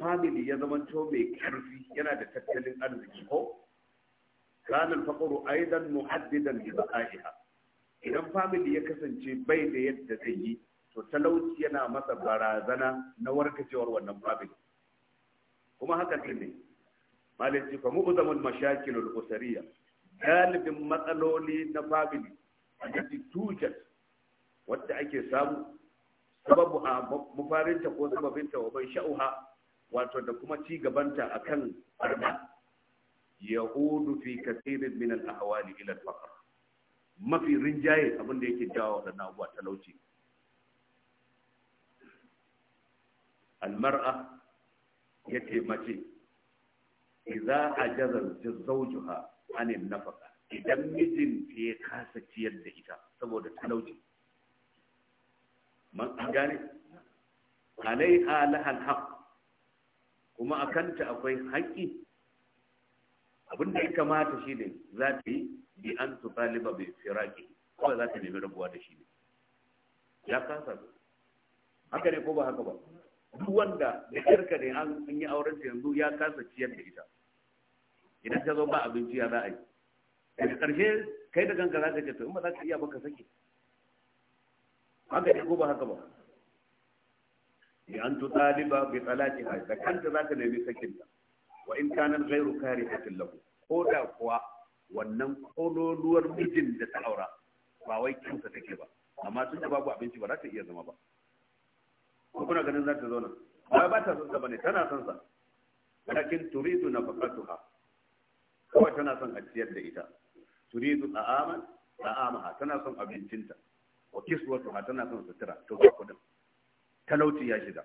family ya zama to mai karfi yana da tattalin arziki ko kana al-faqru aidan muhaddidan bi ba'iha idan famili ya kasance bai da yadda zai yi to talauci yana masa barazana na warkacewar wannan family kuma haka ne malaci fa mu'zamul al usariya galibin matsaloli na family allati tujad wadda ake samu sababu a mufarinta ko sababinta wa ban sha'uha wato da kuma ci gabanta akan arba yahudu fi kasirin min al-ahwali ila al-faqr mafi rinjaye abin yake jawo waɗannan abubuwa talauci almar'a ya ce mace a ajaza zawjuha anin nafaka idan mijin ya kasa ciyar da ita saboda talauci man gane a lahal haq kuma akanta akwai haƙƙi abinda da ya kamata shi ne za ta yi bi an taliba bi firaki ko za ta nemi rabuwa da shi ne ya kasa haka ne ko ba haka ba duk wanda da kirka ne an yi auren ta yanzu ya kasa ciyar da ita idan ta zo ba abinci ya za a yi daga ƙarshe kai da kanka za ka ce to in ba za ka iya ba ka sake haka ne ko ba haka ba bi an tutaliba bi ha da kanta za ka nemi sakinta wa in kana ghairu karihatin lahu ko da kuwa wannan kololuwar mijin da ta aura ba wai kyauta take ba amma tun da babu abinci ba za ta iya zama ba ko kuna ganin za ta zauna ba ba ta son sa bane tana son sa lakin turidu nafaqatuha kawai tana son a ciyar da ita turidu ta'ama ta'amaha tana son abincinta wa kiswatuha tana son sutura to ba kudin talauci ya shiga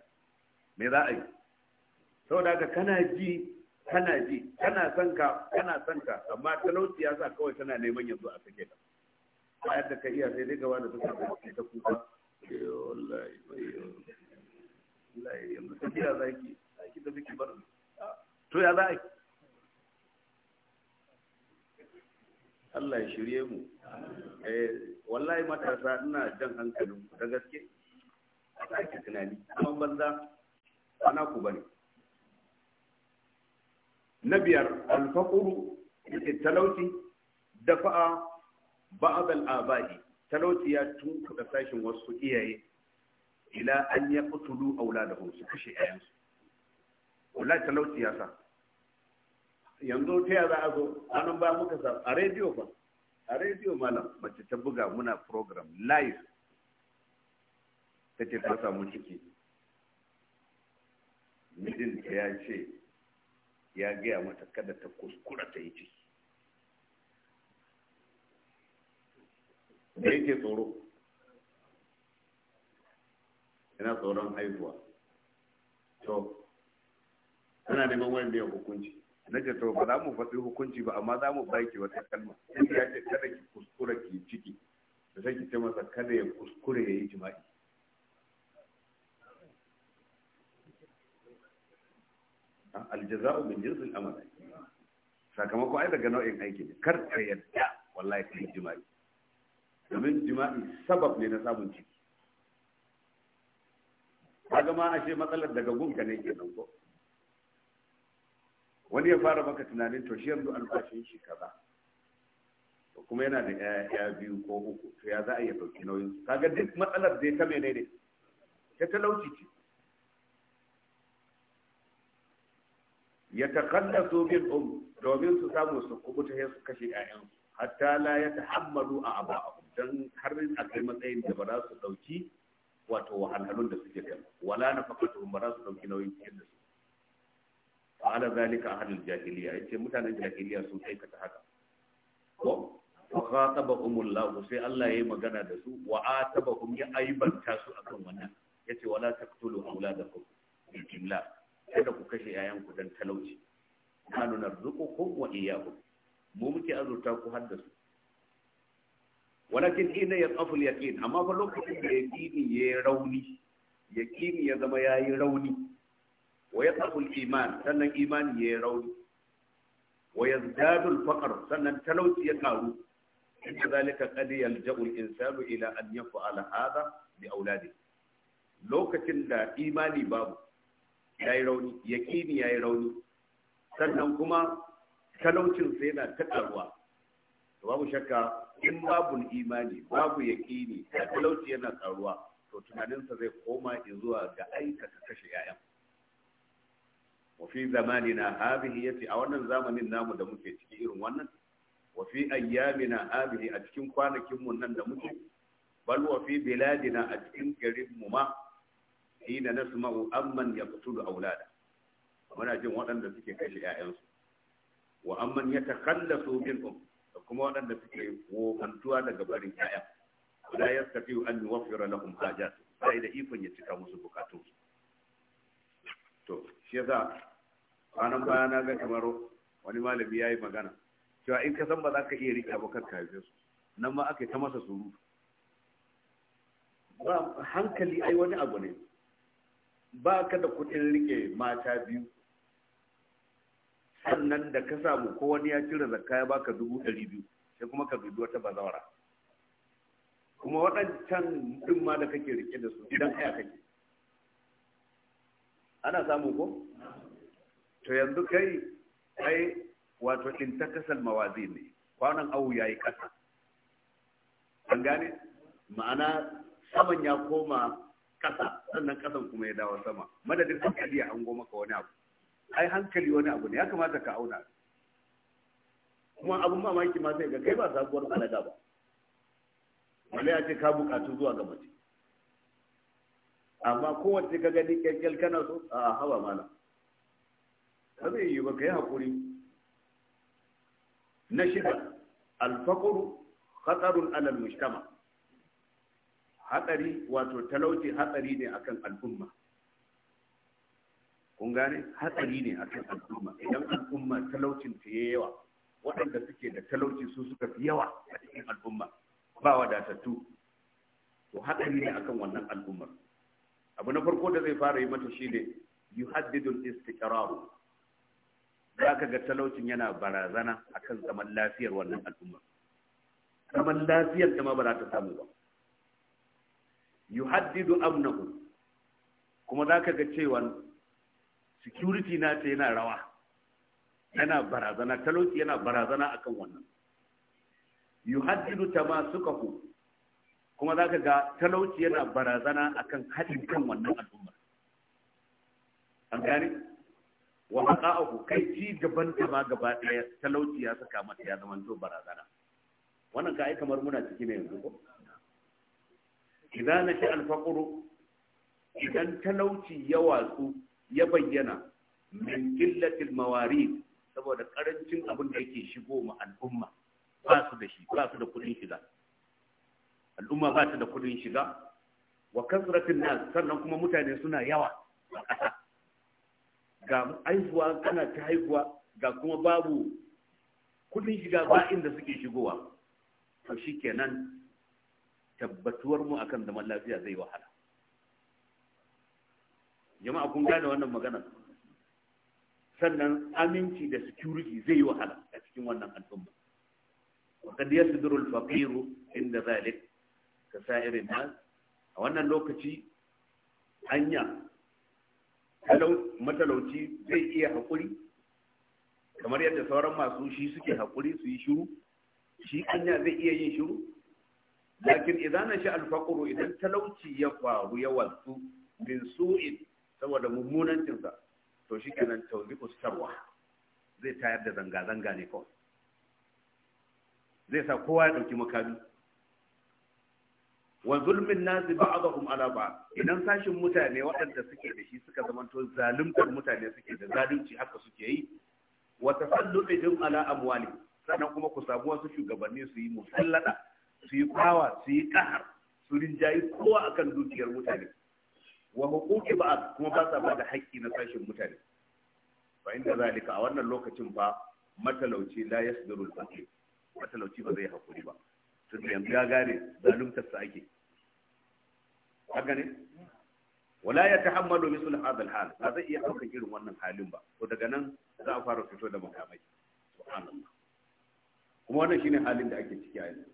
me za a yi saboda ga kana ji tana ji tana son ka kana son ka amma talauci ya sa kawai tana neman yanzu a sake ka bayan da ka iya sai dai gaba da suka da ta kuka eh, wallahi wallahi yanzu ta kira zaki zaki da biki bar to ya za Allah ya shirye mu eh wallahi matasa ina jan hankalin da gaske a sake tunani amma banza ana ku bane na biyar alfaquru talauci dafa'a ba'd al-aba'i talauci ya tunkuka sashin wasu iyaye ila an ya a qutulu auladahum su kashe ayansu Wula talauci ya sa yanzu ta za a zo anan ba muka sa a rediyo ba, a rediyo malam mace ta buga muna program live ta ce ta samu ciki mijinta ya ce ya gaya mata kada ta kuskura ta yi ciki da yake tsoro yana tsoron haihuwa to yana neman wani ya hukunci na ce to ba za mu faɗi hukunci ba amma za mu baki wata kalma yadda ya ce kada ki kuskura ki ciki da sai ki ce masa kada ya kuskure ya yi jima'i aljaza'u min jinsil amal sakamako ai daga nau'in aiki ne kar ka yadda wallahi kai jima'i domin jima'i sabab ne na samun ciki kaga ma ashe matsalar daga gunka ne kenan ko wani ya fara maka tunanin to shi yanzu albashin shi kaza to kuma yana da ya biyu ko uku to ya za a yi dauki nauyin kaga duk matsalar zai ta menene ta talauci ce ya su bin um domin su samu su ta yi su kashe ƴaƴan hatta la ya tahammalu a aba'ahum dan har a kai matsayin da ba za su dauki wato wahalhalun da suke kai wala na nafaqatuhum ba za su dauki nauyin cikin da su ala zalika ahlul jahiliya yace mutanen jahiliya sun aikata haka ko wa khatabahum Allah sai Allah yayi magana da su wa atabahum ya aibanta su akan wannan yace wala taqtulu auladakum bil jumla kada ku kashe yayanku dan talauci nanu narzuqukum wa iyaku mu muke azurta ku har da su walakin ina ya tsafu yaqin amma fa lokacin da yaqini ya rauni yaqini ya zama yayi rauni wa ya tsafu iman sannan imani ya rauni wa yazdadu al-faqr sannan talauci ya karu إن yalja'u al-insanu ila an أن hadha bi بأولاده Lokacin da imani babu. ya rauni yaƙini ya yi rauni sannan kuma talaucinsa yana ta ƙaruwa babu shakka in babu imani babu yakini da talauci yana ƙaruwa to tunaninsa zai koma zuwa ga aikata kashe 'ya'yan wafi zamanina habihi ce a wannan zamanin namu da muke ciki irin wannan wafi ayyamina habihi a cikin kwanakinmu nan da muke bal wafi biladina a cikin garin mu ma hina ma'u amman da aulada muna jin waɗanda suke kashe ƴaƴansu wa amman yatakhallasu minhum da kuma waɗanda suke wofantuwa daga barin ƴaƴa la yastati'u an na lahum haja sai da ikon ya cika musu bukatun to shi yasa ranar baya na ga kamar wani malami yayi magana cewa in ka san ba za ka iya rike abokan ka haife su nan ma aka yi ta masa surutu hankali ai wani abu ne ba ka da kudin rike mata biyu sannan da ka samu ko wani ya cire zakka ya baka dubu ɗari biyu sai kuma ka dubi wata bazawara kuma waɗancan ɗin ma da kake rike da su idan aya kake ana samu ko to yanzu kai ai wato in ta kasal mawazi ne kwanan awu ya yi ƙasa an gane ma'ana saman ya koma ƙasa sannan kasan kuma ya dawo sama madadin hankali ya hango maka wani abu ai hankali wani abu ne ya kamata ka auna kuma abun mamaki ma sai ga kai ba sabuwar balaga ba wale ya ce ka bukatu zuwa ga mace amma kowace ka gani kyakkyal kana so a hawa mana ka zai yi ba ka yi haƙuri na shida alfaƙuru khatarun alal mujtama hatsari wato talauci hatsari ne akan al'umma kun gane hatsari ne akan al'umma idan al'umma talaucin ta yawa waɗanda suke da talauci su suka fi yawa a cikin al'umma ba wadatattu to hatsari ne akan wannan al'ummar abu na farko da zai fara yi mata shine yuhaddidul istiqrar za ka ga talaucin yana barazana akan zaman lafiyar wannan al'ummar zaman lafiyar ta ma ba za ta samu ba yuhaddidu amnahu kuma za ka ga cewa security na ta yana rawa yana barazana talauci yana barazana akan wannan yuhaddidu ku, kuma za ka ga talauci yana barazana akan haɗin kan wannan al'umma an gane wa ku kai ci gaban ta ma gaba ɗaya talauci ya saka mata ya zama to barazana wannan ka ai kamar muna ciki ne yanzu ko idan na shi alfakuru, idan talauci ya watsu ya bayyana min killatil mawari saboda ƙarancin abin da yake shigo ma al'umma ba su da shi ba su da kuɗin shiga al'umma ba su da kudin shiga wa kasratin nas sannan kuma mutane suna yawa ga haihuwa kana ta haihuwa ga kuma babu kuɗin shiga ba inda suke shigowa to shikenan tabbatuwar mu akan zaman lafiya zai wahala jama'a kun gane wannan magana sannan aminci da security zai yi wahala a cikin wannan al'umma وقد يصدر الفقير عند ذلك كسائر الناس a wannan lokaci hanya matalauci zai iya haƙuri kamar yadda sauran masu shi suke haƙuri su yi shiru shi hanya zai iya yin shiru lakin idan nasha al-faqru idan talauci ya faru ya wasu bin su'in saboda mummunancinsa, to shi kenan tawziqu sarwa zai tayar da zanga zanga ne kawai zai sa kowa ya ɗauki makami wa zulmin nasi ba ba'dhum ala ba'd idan sashin mutane waɗanda suke da shi suka zamanto zaluntar mutane suke da zalunci haka suke yi wa tasallutihim ala amwali sannan kuma ku samu wasu shugabanni su yi musallada su yi kwawa su yi ƙahar su rinjayi kowa akan dukiyar mutane wa hukuki ba kuma ba sa bada haƙƙi na sashin mutane ba inda zalika a wannan lokacin fa matalauci la yasdurul faqir matalauci ba zai hakuri ba Su yanzu ya gane zaluntar sa ake haka ne wala ya tahammalu misal hadha hal ba zai iya hauka irin wannan halin ba to daga nan za a fara fito da makamai subhanallah kuma wannan shine halin da ake ciki a yanzu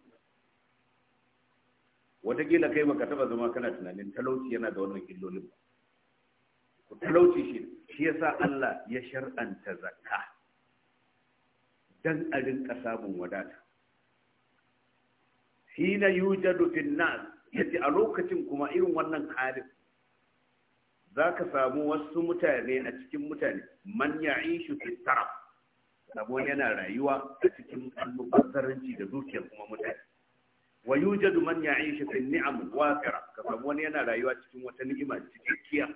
gila kai baka taba zama kana tunanin talauci yana da wannan illolin ba talauci shi shi yasa Allah ya shar'anta zakka dan a kasabun samun wadata hina yujadu fil nas yace a lokacin kuma irin wannan halin za ka samu wasu mutane a cikin mutane man ya'ishu fi taraf Sabon yana rayuwa a cikin almubazzaranci da dukiyar kuma mutane wa yujadu man ya'ishu fi ni'am wafira ka samu wani yana rayuwa cikin wata ni'ima cikakkiya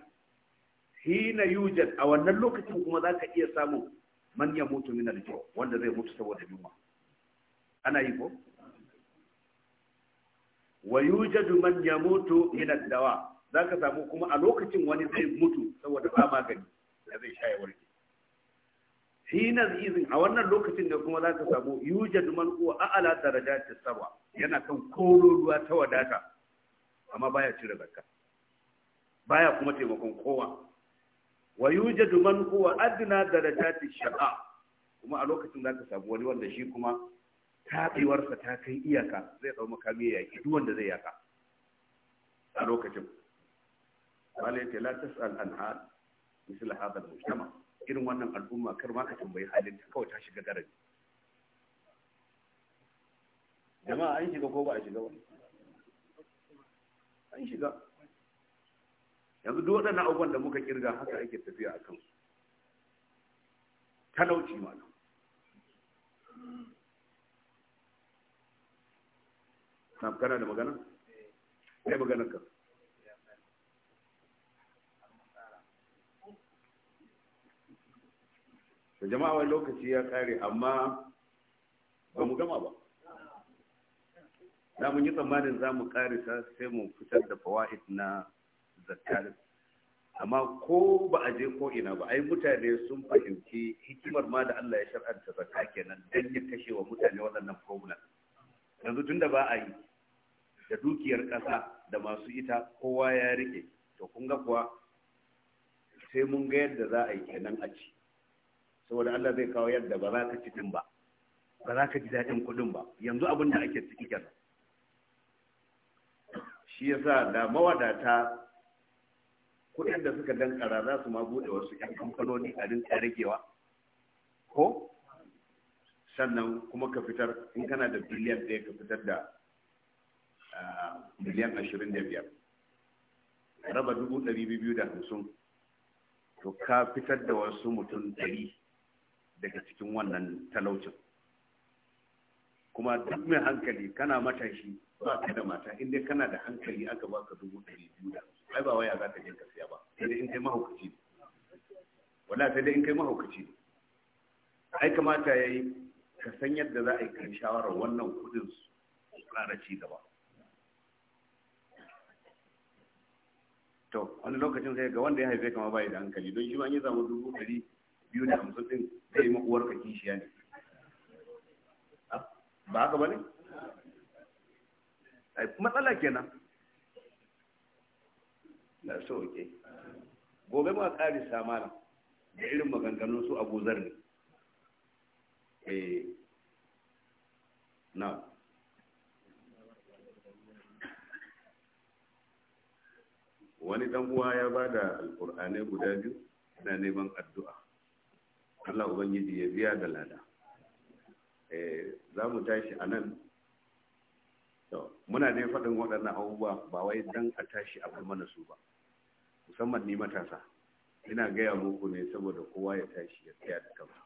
hina yujad a wannan lokacin kuma zaka iya samu man ya mutu min al wanda zai mutu saboda yunwa ana yi ko wa yujadu man ya mutu min ad-dawa zaka samu kuma a lokacin wani zai mutu saboda ba magani da zai shayar hina izin a wannan lokacin da kuma za ka samu yujad man huwa a'la darajatis sab'a yana kan koro ruwa ta wadata amma baya cire zakka baya kuma taimakon kowa wa yujad man huwa adna darajatish shaqa kuma a lokacin za ka samu wani wanda shi kuma tabewarsa ta kai iyaka zai dau makami ya yi wanda zai yaka a lokacin wala la tas'al an hal misl al-mujtama' irin wannan al'umma kar ma ka tambayi halin ta kawai ta shiga garabi jama'a an shiga ko ba a shiga ba an shiga yanzu duk waɗannan abubuwan da muka kirga haka ake tafiya a kan talauci malam na kana da magana? Kai magana kan. da jama'a wani lokaci ya kare amma ba mu gama ba na mun yi tsammanin za mu kare sai mu fitar da fawa'id na zakar amma ko ba a je ko ina ba ai mutane sun fahimci hikimar ma da Allah ya shar'anta zakka kenan dan ya kashe wa mutane waɗannan problem yanzu tunda ba a yi da dukiyar ƙasa da masu ita kowa ya rike to kun ga kuwa sai mun ga yadda za a yi kenan a ci saboda Allah zai kawo yadda ba za ka ci din ba ba za ka ji daɗin kuɗin ba yanzu abin da ake ciki kenan shi yasa da mawadata kuɗin da suka dankara za su ma buɗe wasu ƴan kamfanoni a rinka ragewa ko sannan kuma ka fitar in kana da biliyan ɗaya ka fitar da miliyan ashirin da biyar raba dubu ɗari biyu da hamsin to ka fitar da wasu mutum ɗari daga cikin wannan talaucin kuma duk mai hankali kana matashi ba ka da mata inda kana da hankali aka ba ka dubu ɗari biyu da ai ba waya za ka je ka siya ba sai in kai mahaukaci ne wala sai dai in kai mahaukaci ne ai kamata yayi ka san yadda za a yi kan shawarar wannan kudin su ƙara ci gaba to wani lokacin sai ga wanda ya haife kama bai da hankali don shi ma ya zama dubu ɗari biyu da hamsin ɗin zai yi uwar ka kishiya ne ah, ba haka ba ne matsala kenan na so ke gobe ma ƙari samana da irin maganganun su abuzar ne. eh na wani dan uwa ya ba da alƙur'anai guda biyu na neman addu'a Allah Ubangiji ya biya da lada eh, za mu tashi a nan muna dai faɗin waɗannan abubuwa ba wai dan a tashi a mana su ba musamman ni matasa ina gaya muku ne saboda kowa ya tashi ya tsaya da kansa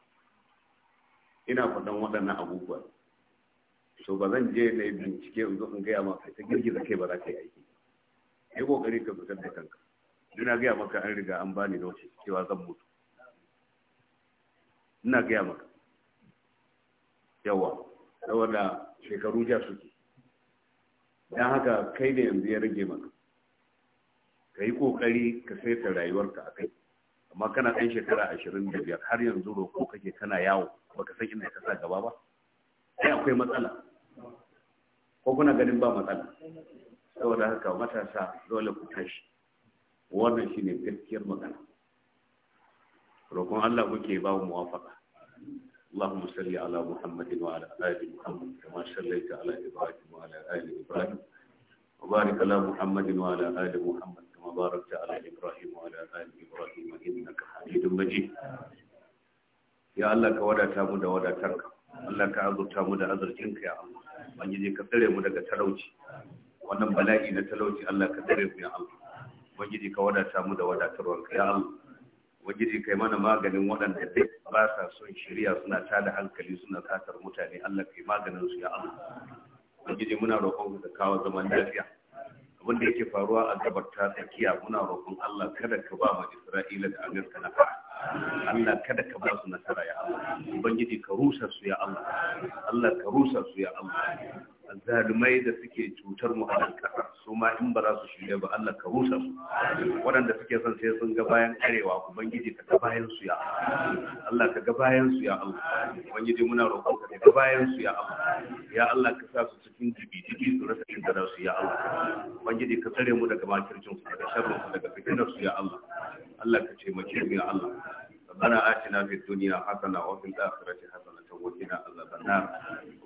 ina faɗin waɗannan abubuwa so ba zan je na bincike in zo in gaya maka ta girgiza kai ba za ka yi aiki yi kokari ka fitar da kanka ina gaya maka an riga an bani lokaci cewa zan mutu ina gaya maka yawa saboda shekaru ja suke don haka kai da yanzu ya rage maka ka yi kokari ka saita rayuwarka a kai amma kana ɗan shekara ashirin da biyar har yanzu roko kake kana yawo baka san ina ka sa gaba ba sai akwai matsala ko kuna ganin ba matsala saboda haka matasa dole ku tashi wannan shine gaskiyar magana roƙon Allah muke ba mu muwafaqa اللهم صل على محمد وعلى آل محمد كما صليت على إبراهيم وعلى آل إبراهيم وبارك على محمد وعلى آل محمد كما باركت على إبراهيم وعلى آل إبراهيم إنك حميد مجيد ya Allah ka wadata mu da wadatarka Allah ka azurta mu da ka ya Allah ubangiji ka tsare mu daga talauci wannan bala'i na talauci Allah ka tsare mu ya Allah ubangiji ka wadata mu da ya Allah ubangiji kai mana maganin waɗanda duk ba sa son shirya suna tada hankali suna satar mutane Allah kai maganin su ya Allah ubangiji muna roƙon ka kawo zaman lafiya abin da yake faruwa a gabar ta tsakiya muna roƙon Allah kada ka ba ma Isra'ila da Amurka na fara Allah kada ka ba su nasara ya Allah ubangiji ka rusa su ya Allah Allah ka rusa su ya Allah zalumai da suke cutar mu a kasa su ma in ba za su shirya ba Allah ka rusa su waɗanda suke son sai sun ga bayan arewa ubangiji ka ga bayan su ya Allah ka ga bayan su ya Allah ubangiji muna roƙon ka ga bayan su ya Allah ya Allah ka sa su cikin jibi-jibi su rasa cin da su ya Allah ubangiji ka tsare mu daga makircin su daga sharrin su daga fitinar su ya Allah Allah ka ce mu ya Allah ربنا آتنا في الدنيا حسنة وفي الآخرة حسنة وقنا عذاب النار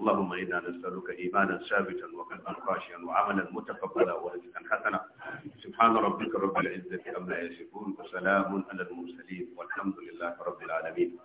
اللهم إنا نسألك إيمانا ثابتا وقلبا خاشعا وعملا متقبلا ورزقا حسنا سبحان ربك رب العزة عما يصفون وسلام على المرسلين والحمد لله رب العالمين